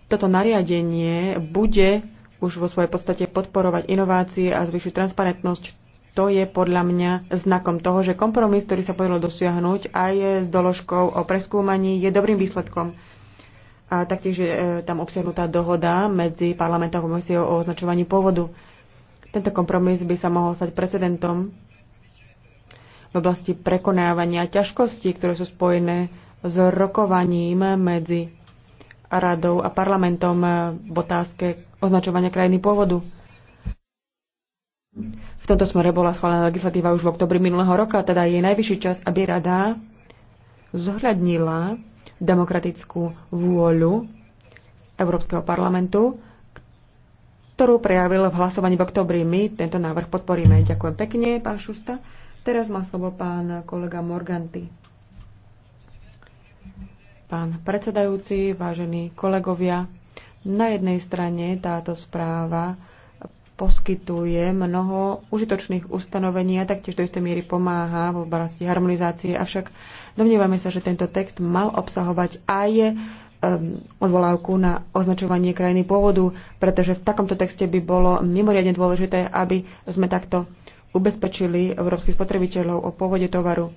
Toto nariadenie bude už vo svojej podstate podporovať inovácie a zvyšiť transparentnosť to je podľa mňa znakom toho, že kompromis, ktorý sa podarilo dosiahnuť aj s doložkou o preskúmaní, je dobrým výsledkom. A taktiež je e, tam obsiahnutá dohoda medzi parlamentom a komisiou o označovaní pôvodu. Tento kompromis by sa mohol stať precedentom v oblasti prekonávania ťažkostí, ktoré sú spojené s rokovaním medzi radou a parlamentom v otázke označovania krajiny pôvodu. V tomto smere bola schválená legislatíva už v oktobri minulého roka, teda je najvyšší čas, aby rada zohľadnila demokratickú vôľu Európskeho parlamentu, ktorú prejavil v hlasovaní v oktobri. My tento návrh podporíme. Ďakujem pekne, pán Šusta. Teraz má slovo pán kolega Morganti. Pán predsedajúci, vážení kolegovia, na jednej strane táto správa poskytuje mnoho užitočných ustanovení a taktiež do istej miery pomáha v oblasti harmonizácie. Avšak domnievame sa, že tento text mal obsahovať aj um, odvolávku na označovanie krajiny pôvodu, pretože v takomto texte by bolo mimoriadne dôležité, aby sme takto ubezpečili európskych spotrebiteľov o pôvode tovaru.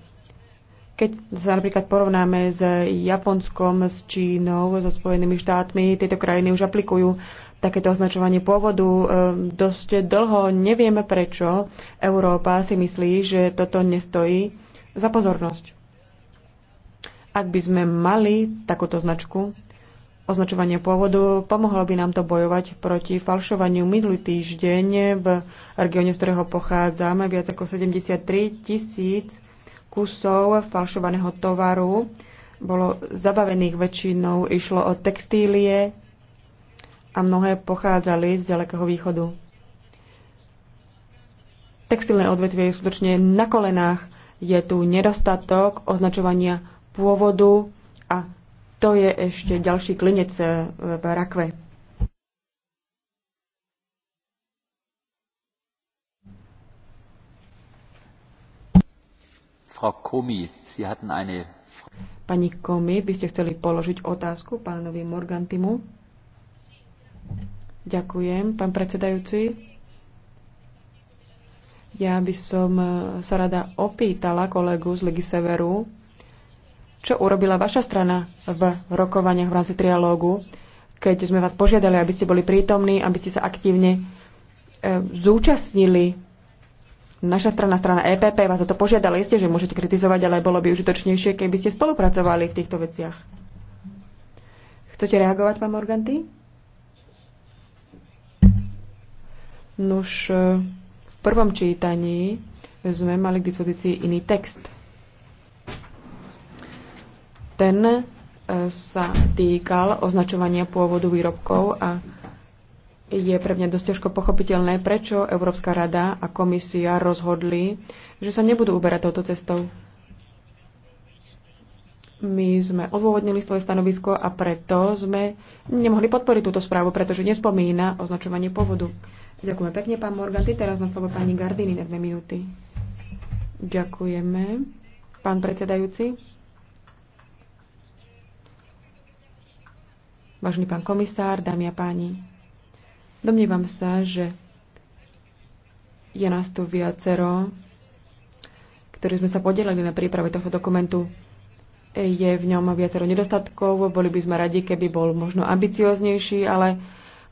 Keď sa napríklad porovnáme s Japonskom, s Čínou, so Spojenými štátmi, tieto krajiny už aplikujú takéto označovanie pôvodu eh, dosť dlho. Nevieme prečo Európa si myslí, že toto nestojí za pozornosť. Ak by sme mali takúto značku, označovanie pôvodu, pomohlo by nám to bojovať proti falšovaniu. Minulý týždeň v regióne, z ktorého pochádzame, viac ako 73 tisíc kusov falšovaného tovaru bolo zabavených väčšinou. Išlo o textílie, a mnohé pochádzali z ďalekého východu. Textilné odvetvie je skutočne na kolenách. Je tu nedostatok označovania pôvodu a to je ešte ďalší klinec e, v rakve. Pani Komi, by ste chceli položiť otázku pánovi Morgantimu? Ďakujem, pán predsedajúci. Ja by som e, sa rada opýtala kolegu z Ligy Severu, čo urobila vaša strana v rokovaniach v rámci trialógu, keď sme vás požiadali, aby ste boli prítomní, aby ste sa aktívne e, zúčastnili. Naša strana, strana EPP, vás o to požiadala. Isté, že môžete kritizovať, ale bolo by užitočnejšie, keby ste spolupracovali v týchto veciach. Chcete reagovať, pán Morganty? Nuž e, v prvom čítaní sme mali k dispozícii iný text. Ten e, sa týkal označovania pôvodu výrobkov a je pre mňa dosť ťažko pochopiteľné, prečo Európska rada a komisia rozhodli, že sa nebudú uberať touto cestou. My sme odôvodnili svoje stanovisko a preto sme nemohli podporiť túto správu, pretože nespomína označovanie pôvodu. Ďakujeme pekne, pán Morganti. Teraz má slovo pani Gardini na dve minúty. Ďakujeme. Pán predsedajúci. Vážený pán komisár, dámy a páni. Domnievam sa, že je nás tu viacero, ktorí sme sa podelili na príprave tohto dokumentu je v ňom viacero nedostatkov, boli by sme radi, keby bol možno ambicioznejší, ale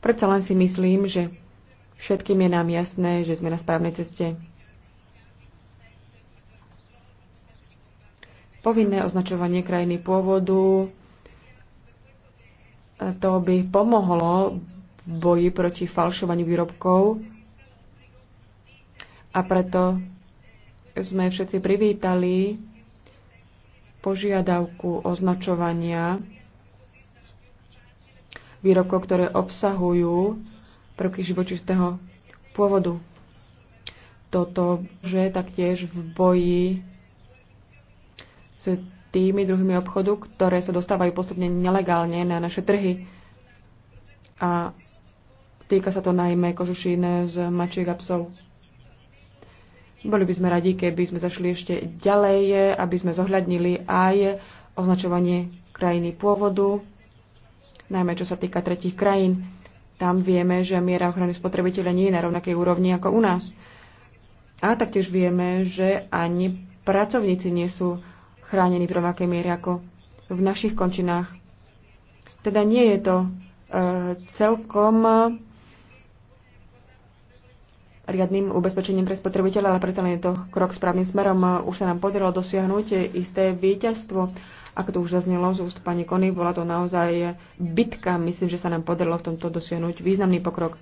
predsa len si myslím, že Všetkým je nám jasné, že sme na správnej ceste. Povinné označovanie krajiny pôvodu, to by pomohlo v boji proti falšovaniu výrobkov a preto sme všetci privítali požiadavku označovania výrobkov, ktoré obsahujú prvky živočistého pôvodu. Toto, že taktiež v boji s tými druhými obchodu, ktoré sa dostávajú postupne nelegálne na naše trhy. A týka sa to najmä kožušín z mačiek a psov. Boli by sme radi, keby sme zašli ešte ďalej, aby sme zohľadnili aj označovanie krajiny pôvodu, najmä čo sa týka tretich krajín. Tam vieme, že miera ochrany spotrebiteľa nie je na rovnakej úrovni ako u nás. A taktiež vieme, že ani pracovníci nie sú chránení v rovnakej miere ako v našich končinách. Teda nie je to uh, celkom e, riadnym ubezpečením pre spotrebiteľa, ale preto len je to krok správnym smerom. E, už sa nám podarilo dosiahnuť isté víťazstvo. Ako to už zaznelo z úst pani Kony, bola to naozaj bitka. Myslím, že sa nám podarilo v tomto dosiahnuť významný pokrok.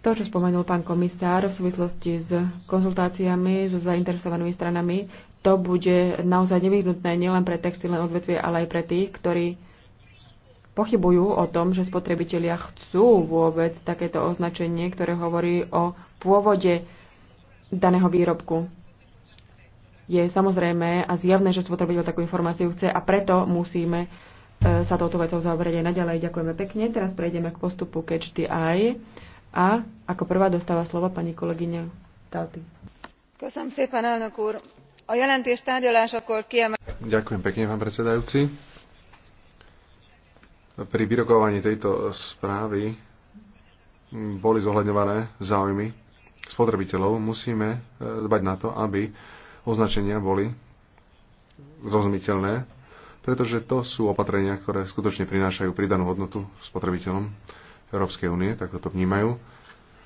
To, čo spomenul pán komisár v súvislosti s konzultáciami so zainteresovanými stranami, to bude naozaj nevyhnutné nielen pre textilné odvetvie, ale aj pre tých, ktorí pochybujú o tom, že spotrebitelia chcú vôbec takéto označenie, ktoré hovorí o pôvode daného výrobku je samozrejme a zjavné, že spotrebiteľ takú informáciu chce a preto musíme e, sa touto vecou zaoberať aj naďalej. Ďakujeme pekne. Teraz prejdeme k postupu Catch the Eye a ako prvá dostáva slovo pani kolegyňa Talty. Ďakujem pekne, pán predsedajúci. Pri vyrokovaní tejto správy boli zohľadňované záujmy spotrebiteľov. Musíme e, dbať na to, aby označenia boli zrozumiteľné, pretože to sú opatrenia, ktoré skutočne prinášajú pridanú hodnotu spotrebiteľom Európskej únie, tak to vnímajú.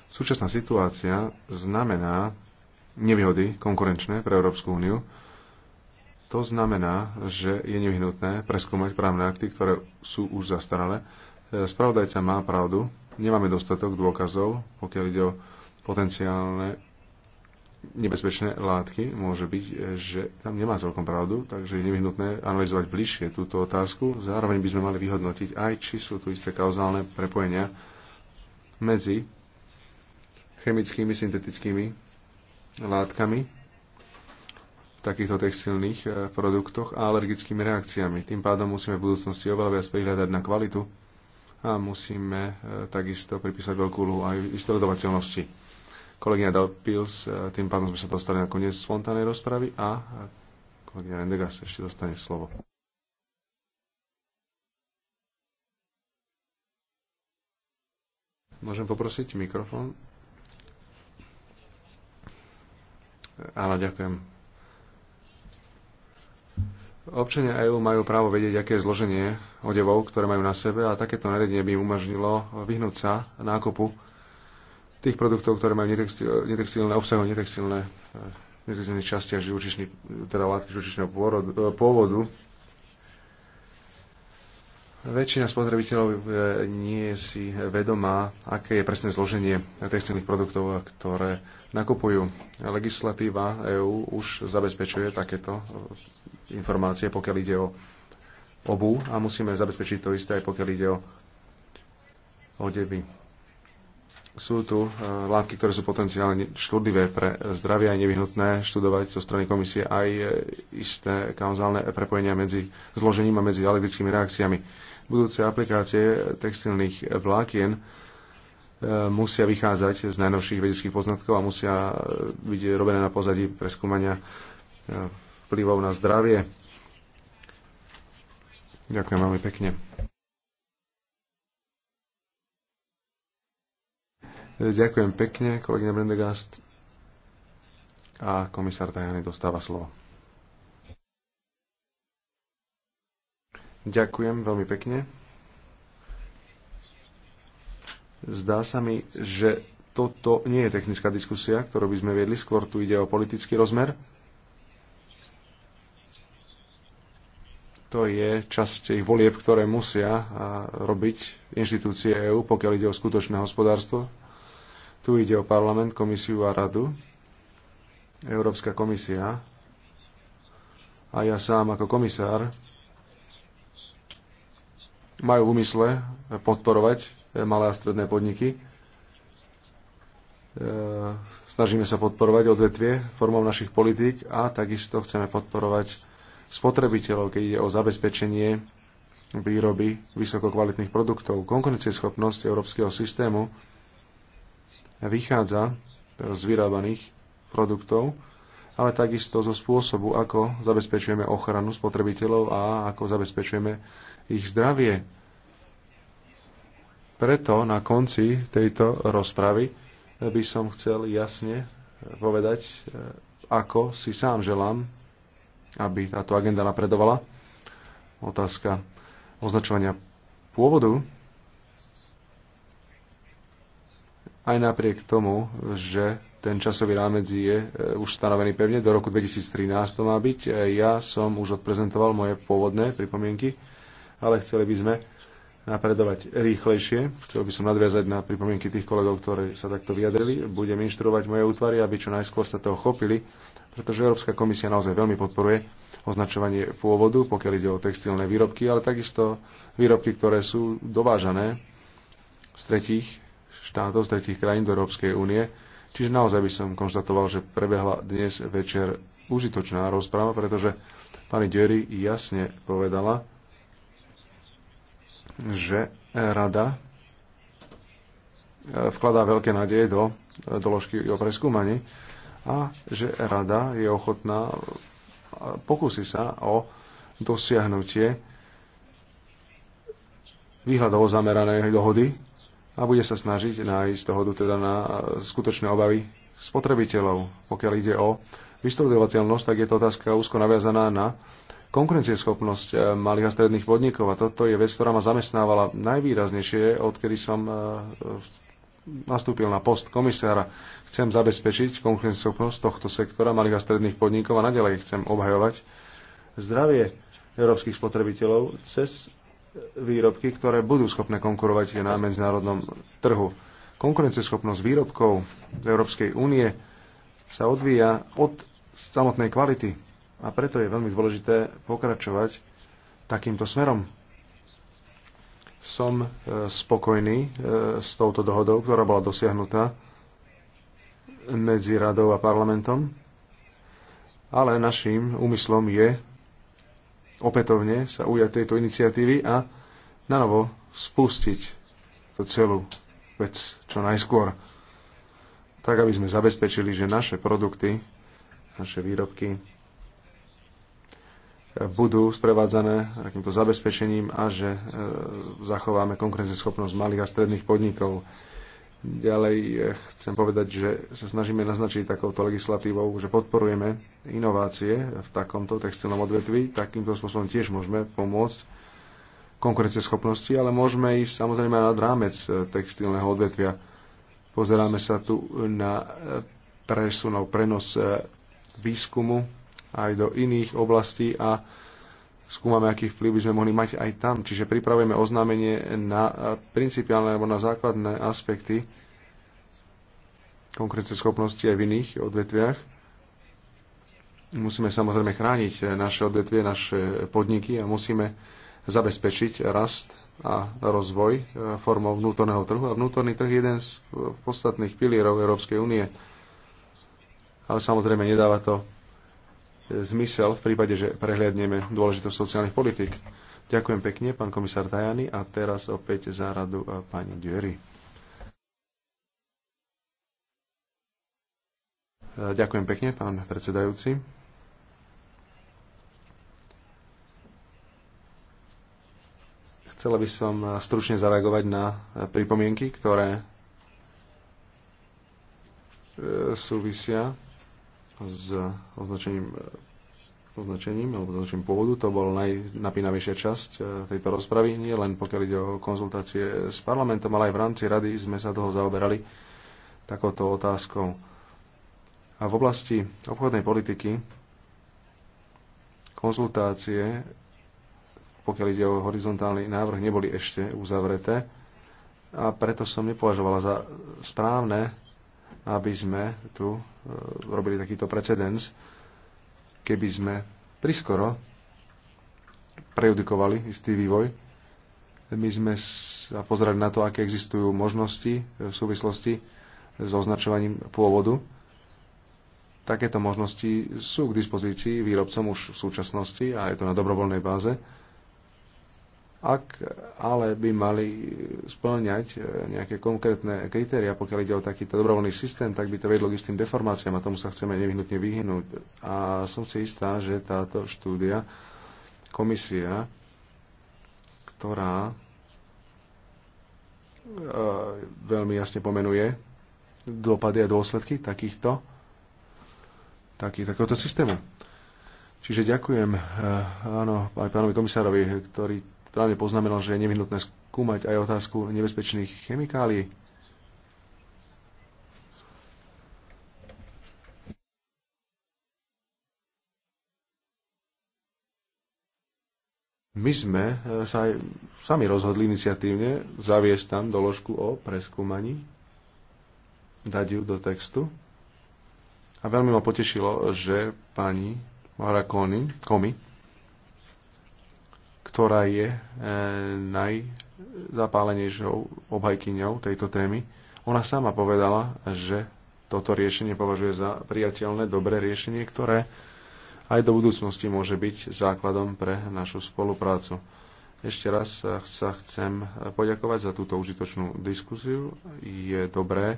Súčasná situácia znamená nevýhody konkurenčné pre Európsku úniu. To znamená, že je nevyhnutné preskúmať právne akty, ktoré sú už zastaralé. Spravodajca má pravdu, nemáme dostatok dôkazov, pokiaľ ide o potenciálne nebezpečné látky, môže byť, e, že tam nemá celkom pravdu, takže je nevyhnutné analyzovať bližšie túto otázku. Zároveň by sme mali vyhodnotiť aj, či sú tu isté kauzálne prepojenia medzi chemickými, syntetickými látkami v takýchto textilných e, produktoch a alergickými reakciami. Tým pádom musíme v budúcnosti oveľa viac prihľadať na kvalitu a musíme e, takisto pripísať veľkú úlohu aj dovateľnosti. Kolegyňa Pils, e, tým pádom sme sa dostali na koniec spontánnej rozpravy a kolegyňa Rendegas ešte dostane slovo. Môžem poprosiť mikrofón? Áno, ďakujem. Občania EÚ majú právo vedieť, aké je zloženie odevov, ktoré majú na sebe a takéto nariadenie by im umožnilo vyhnúť sa nákupu tých produktov, ktoré majú netextil, netextilné obsahy, netextilné, eh, netextilné časti a živočišný, teda látky živočišného eh, pôvodu. Väčšina spotrebiteľov eh, nie je si vedomá, aké je presné zloženie textilných produktov, ktoré nakupujú. Legislatíva EÚ už zabezpečuje takéto informácie, pokiaľ ide o obu a musíme zabezpečiť to isté aj pokiaľ ide o odevy sú tu e, látky, ktoré sú potenciálne škodlivé pre zdravie a nevyhnutné študovať zo strany komisie aj e, isté kauzálne prepojenia medzi zložením a medzi alergickými reakciami. Budúce aplikácie textilných vlákien e, musia vychádzať z najnovších vedeckých poznatkov a musia byť robené na pozadí preskúmania vplyvov na zdravie. Ďakujem veľmi pekne. Ďakujem pekne, kolegyňa Brendegast. A komisár Tajany dostáva slovo. Ďakujem veľmi pekne. Zdá sa mi, že toto nie je technická diskusia, ktorú by sme viedli, skôr tu ide o politický rozmer. To je časť ich volieb, ktoré musia robiť inštitúcie EÚ, pokiaľ ide o skutočné hospodárstvo, tu ide o parlament, komisiu a radu. Európska komisia a ja sám ako komisár majú v úmysle podporovať malé a stredné podniky. E, snažíme sa podporovať odvetvie formou našich politík a takisto chceme podporovať spotrebiteľov, keď ide o zabezpečenie výroby vysokokvalitných produktov. Konkurencieschopnosť európskeho systému vychádza z vyrábaných produktov, ale takisto zo spôsobu, ako zabezpečujeme ochranu spotrebiteľov a ako zabezpečujeme ich zdravie. Preto na konci tejto rozpravy by som chcel jasne povedať, ako si sám želám, aby táto agenda napredovala. Otázka označovania pôvodu aj napriek tomu, že ten časový rámec je e, už stanovený pevne, do roku 2013 to má byť. E, ja som už odprezentoval moje pôvodné pripomienky, ale chceli by sme napredovať rýchlejšie. Chcel by som nadviazať na pripomienky tých kolegov, ktorí sa takto vyjadrili. Budem inštruovať moje útvary, aby čo najskôr sa toho chopili, pretože Európska komisia naozaj veľmi podporuje označovanie pôvodu, pokiaľ ide o textilné výrobky, ale takisto výrobky, ktoré sú dovážané z tretích štátov, z tretich krajín do Európskej únie. Čiže naozaj by som konštatoval, že prebehla dnes večer užitočná rozpráva, pretože pani Dery jasne povedala, že rada vkladá veľké nádeje do doložky o preskúmaní a že rada je ochotná pokúsi sa o dosiahnutie výhľadovo zameranej dohody a bude sa snažiť nájsť dohodu teda na e, skutočné obavy spotrebiteľov. Pokiaľ ide o vystrodovateľnosť, tak je to otázka úzko naviazaná na konkurencieschopnosť e, malých a stredných podnikov. A toto je vec, ktorá ma zamestnávala najvýraznejšie, odkedy som e, nastúpil na post komisára. Chcem zabezpečiť konkurencieschopnosť tohto sektora malých a stredných podnikov a nadalej chcem obhajovať zdravie európskych spotrebiteľov cez výrobky, ktoré budú schopné konkurovať na medzinárodnom trhu. Konkurenceschopnosť výrobkov Európskej únie sa odvíja od samotnej kvality a preto je veľmi dôležité pokračovať takýmto smerom. Som e, spokojný e, s touto dohodou, ktorá bola dosiahnutá medzi radou a parlamentom, ale našim úmyslom je opätovne sa ujať tejto iniciatívy a novo spustiť tú celú vec čo najskôr. Tak, aby sme zabezpečili, že naše produkty, naše výrobky budú sprevádzané takýmto zabezpečením a že e, zachováme konkurenceschopnosť malých a stredných podnikov. Ďalej eh, chcem povedať, že sa snažíme naznačiť takouto legislatívou, že podporujeme inovácie v takomto textilnom odvetví. Takýmto spôsobom tiež môžeme pomôcť konkurenceschopnosti, ale môžeme ísť samozrejme nad rámec eh, textilného odvetvia. Pozeráme sa tu na eh, presunov, prenos výskumu aj do iných oblastí a skúmame, aký vplyv by sme mohli mať aj tam. Čiže pripravujeme oznámenie na principiálne alebo na základné aspekty konkrétne schopnosti aj v iných odvetviach. Musíme samozrejme chrániť naše odvetvie, naše podniky a musíme zabezpečiť rast a rozvoj formou vnútorného trhu. A vnútorný trh je jeden z podstatných pilierov Európskej únie. Ale samozrejme nedáva to zmysel v prípade, že prehliadneme dôležitosť sociálnych politik. Ďakujem pekne, pán komisár Tajany, a teraz opäť za radu pani Dury. E, ďakujem pekne, pán predsedajúci. Chcela by som e, stručne zareagovať na e, pripomienky, ktoré súvisia s označením označením alebo označením pôvodu. To bol najnapínavejšia časť e, tejto rozpravy, nie len pokiaľ ide o konzultácie s parlamentom, ale aj v rámci rady sme sa toho zaoberali takouto otázkou. A v oblasti obchodnej politiky konzultácie, pokiaľ ide o horizontálny návrh, neboli ešte uzavreté a preto som nepovažovala za správne, aby sme tu E, robili takýto precedens, keby sme priskoro prejudikovali istý vývoj. My sme sa pozerali na to, aké existujú možnosti v súvislosti s označovaním pôvodu. Takéto možnosti sú k dispozícii výrobcom už v súčasnosti a je to na dobrovoľnej báze. Ak ale by mali splňať e, nejaké konkrétne kritéria, pokiaľ ide o takýto dobrovoľný systém, tak by to vedlo k istým deformáciám a tomu sa chceme nevyhnutne vyhnúť. A som si istá, že táto štúdia komisia, ktorá e, veľmi jasne pomenuje dopady a dôsledky takýchto, takých, takéhoto systému. Čiže ďakujem e, áno, aj pánovi komisárovi, ktorý správne poznamenal, že je nevyhnutné skúmať aj otázku nebezpečných chemikálií. My sme eh, sa aj sami rozhodli iniciatívne zaviesť tam doložku o preskúmaní, dať ju do textu. A veľmi ma potešilo, že pani Mara Komi, ktorá je e, najzapálenejšou obhajkyňou tejto témy. Ona sama povedala, že toto riešenie považuje za priateľné, dobré riešenie, ktoré aj do budúcnosti môže byť základom pre našu spoluprácu. Ešte raz sa chcem poďakovať za túto užitočnú diskusiu. Je dobré,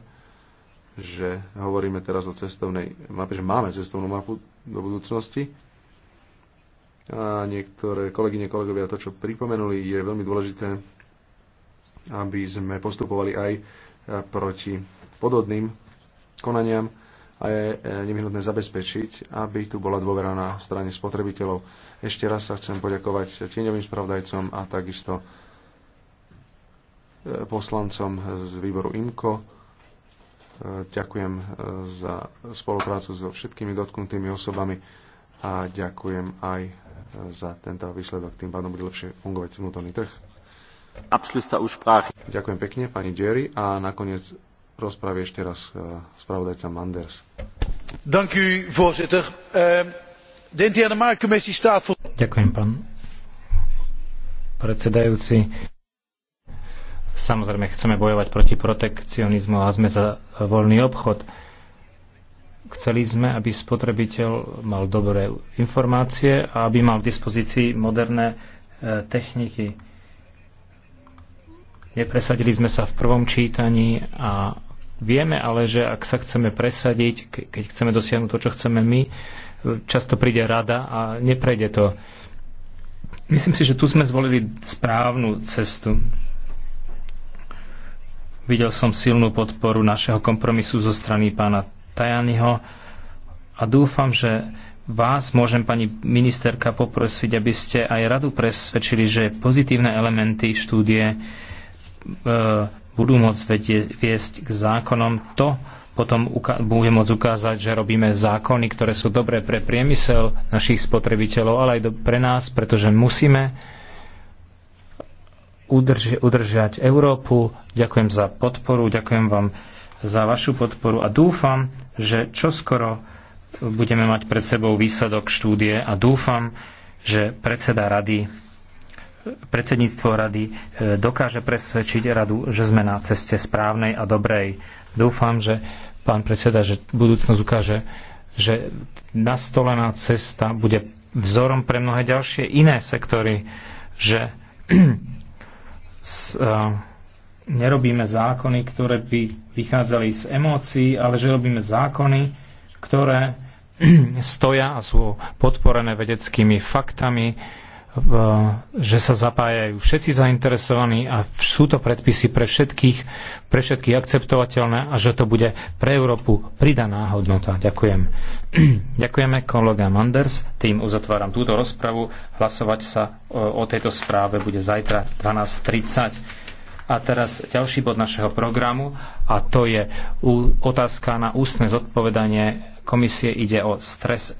že hovoríme teraz o cestovnej mape, že máme cestovnú mapu do budúcnosti a niektoré kolegyne, kolegovia to, čo pripomenuli, je veľmi dôležité, aby sme postupovali aj proti podobným konaniam a je e, nevyhnutné zabezpečiť, aby tu bola dôvera na strane spotrebiteľov. Ešte raz sa chcem poďakovať tieňovým spravodajcom a takisto e, poslancom z výboru IMKO. E, ďakujem za spoluprácu so všetkými dotknutými osobami a ďakujem aj za tento výsledok. Tým pádom bude lepšie fungovať vnútorný trh. Ďakujem pekne, pani Jerry. A nakoniec rozpravy ešte raz e, spravodajca Manders. Ehm, Ďakujem, pán predsedajúci. Samozrejme, chceme bojovať proti protekcionizmu a sme za voľný obchod Chceli sme, aby spotrebiteľ mal dobré informácie a aby mal k dispozícii moderné e, techniky. Nepresadili sme sa v prvom čítaní a vieme ale, že ak sa chceme presadiť, keď chceme dosiahnuť to, čo chceme my, e, často príde rada a neprejde to. Myslím si, že tu sme zvolili správnu cestu. Videl som silnú podporu našeho kompromisu zo strany pána Tajaniho a dúfam, že vás môžem, pani ministerka, poprosiť, aby ste aj radu presvedčili, že pozitívne elementy štúdie e, budú môcť vedie, viesť k zákonom. To potom bude môcť ukázať, že robíme zákony, ktoré sú dobré pre priemysel našich spotrebiteľov, ale aj do, pre nás, pretože musíme udrž- udržať Európu. Ďakujem za podporu, ďakujem vám za vašu podporu a dúfam, že čoskoro budeme mať pred sebou výsledok štúdie a dúfam, že predseda rady, predsedníctvo rady e, dokáže presvedčiť radu, že sme na ceste správnej a dobrej. Dúfam, že pán predseda, že budúcnosť ukáže, že nastolená cesta bude vzorom pre mnohé ďalšie iné sektory, že s, uh, nerobíme zákony, ktoré by vychádzali z emócií, ale že robíme zákony, ktoré stoja a sú podporené vedeckými faktami, že sa zapájajú všetci zainteresovaní a sú to predpisy pre všetkých, pre všetkých akceptovateľné a že to bude pre Európu pridaná hodnota. Ďakujem. Ďakujeme kolega Manders, tým uzatváram túto rozpravu. Hlasovať sa e, o tejto správe bude zajtra 12.30. A teraz ďalší bod našeho programu a to je otázka na ústne zodpovedanie komisie ide o stres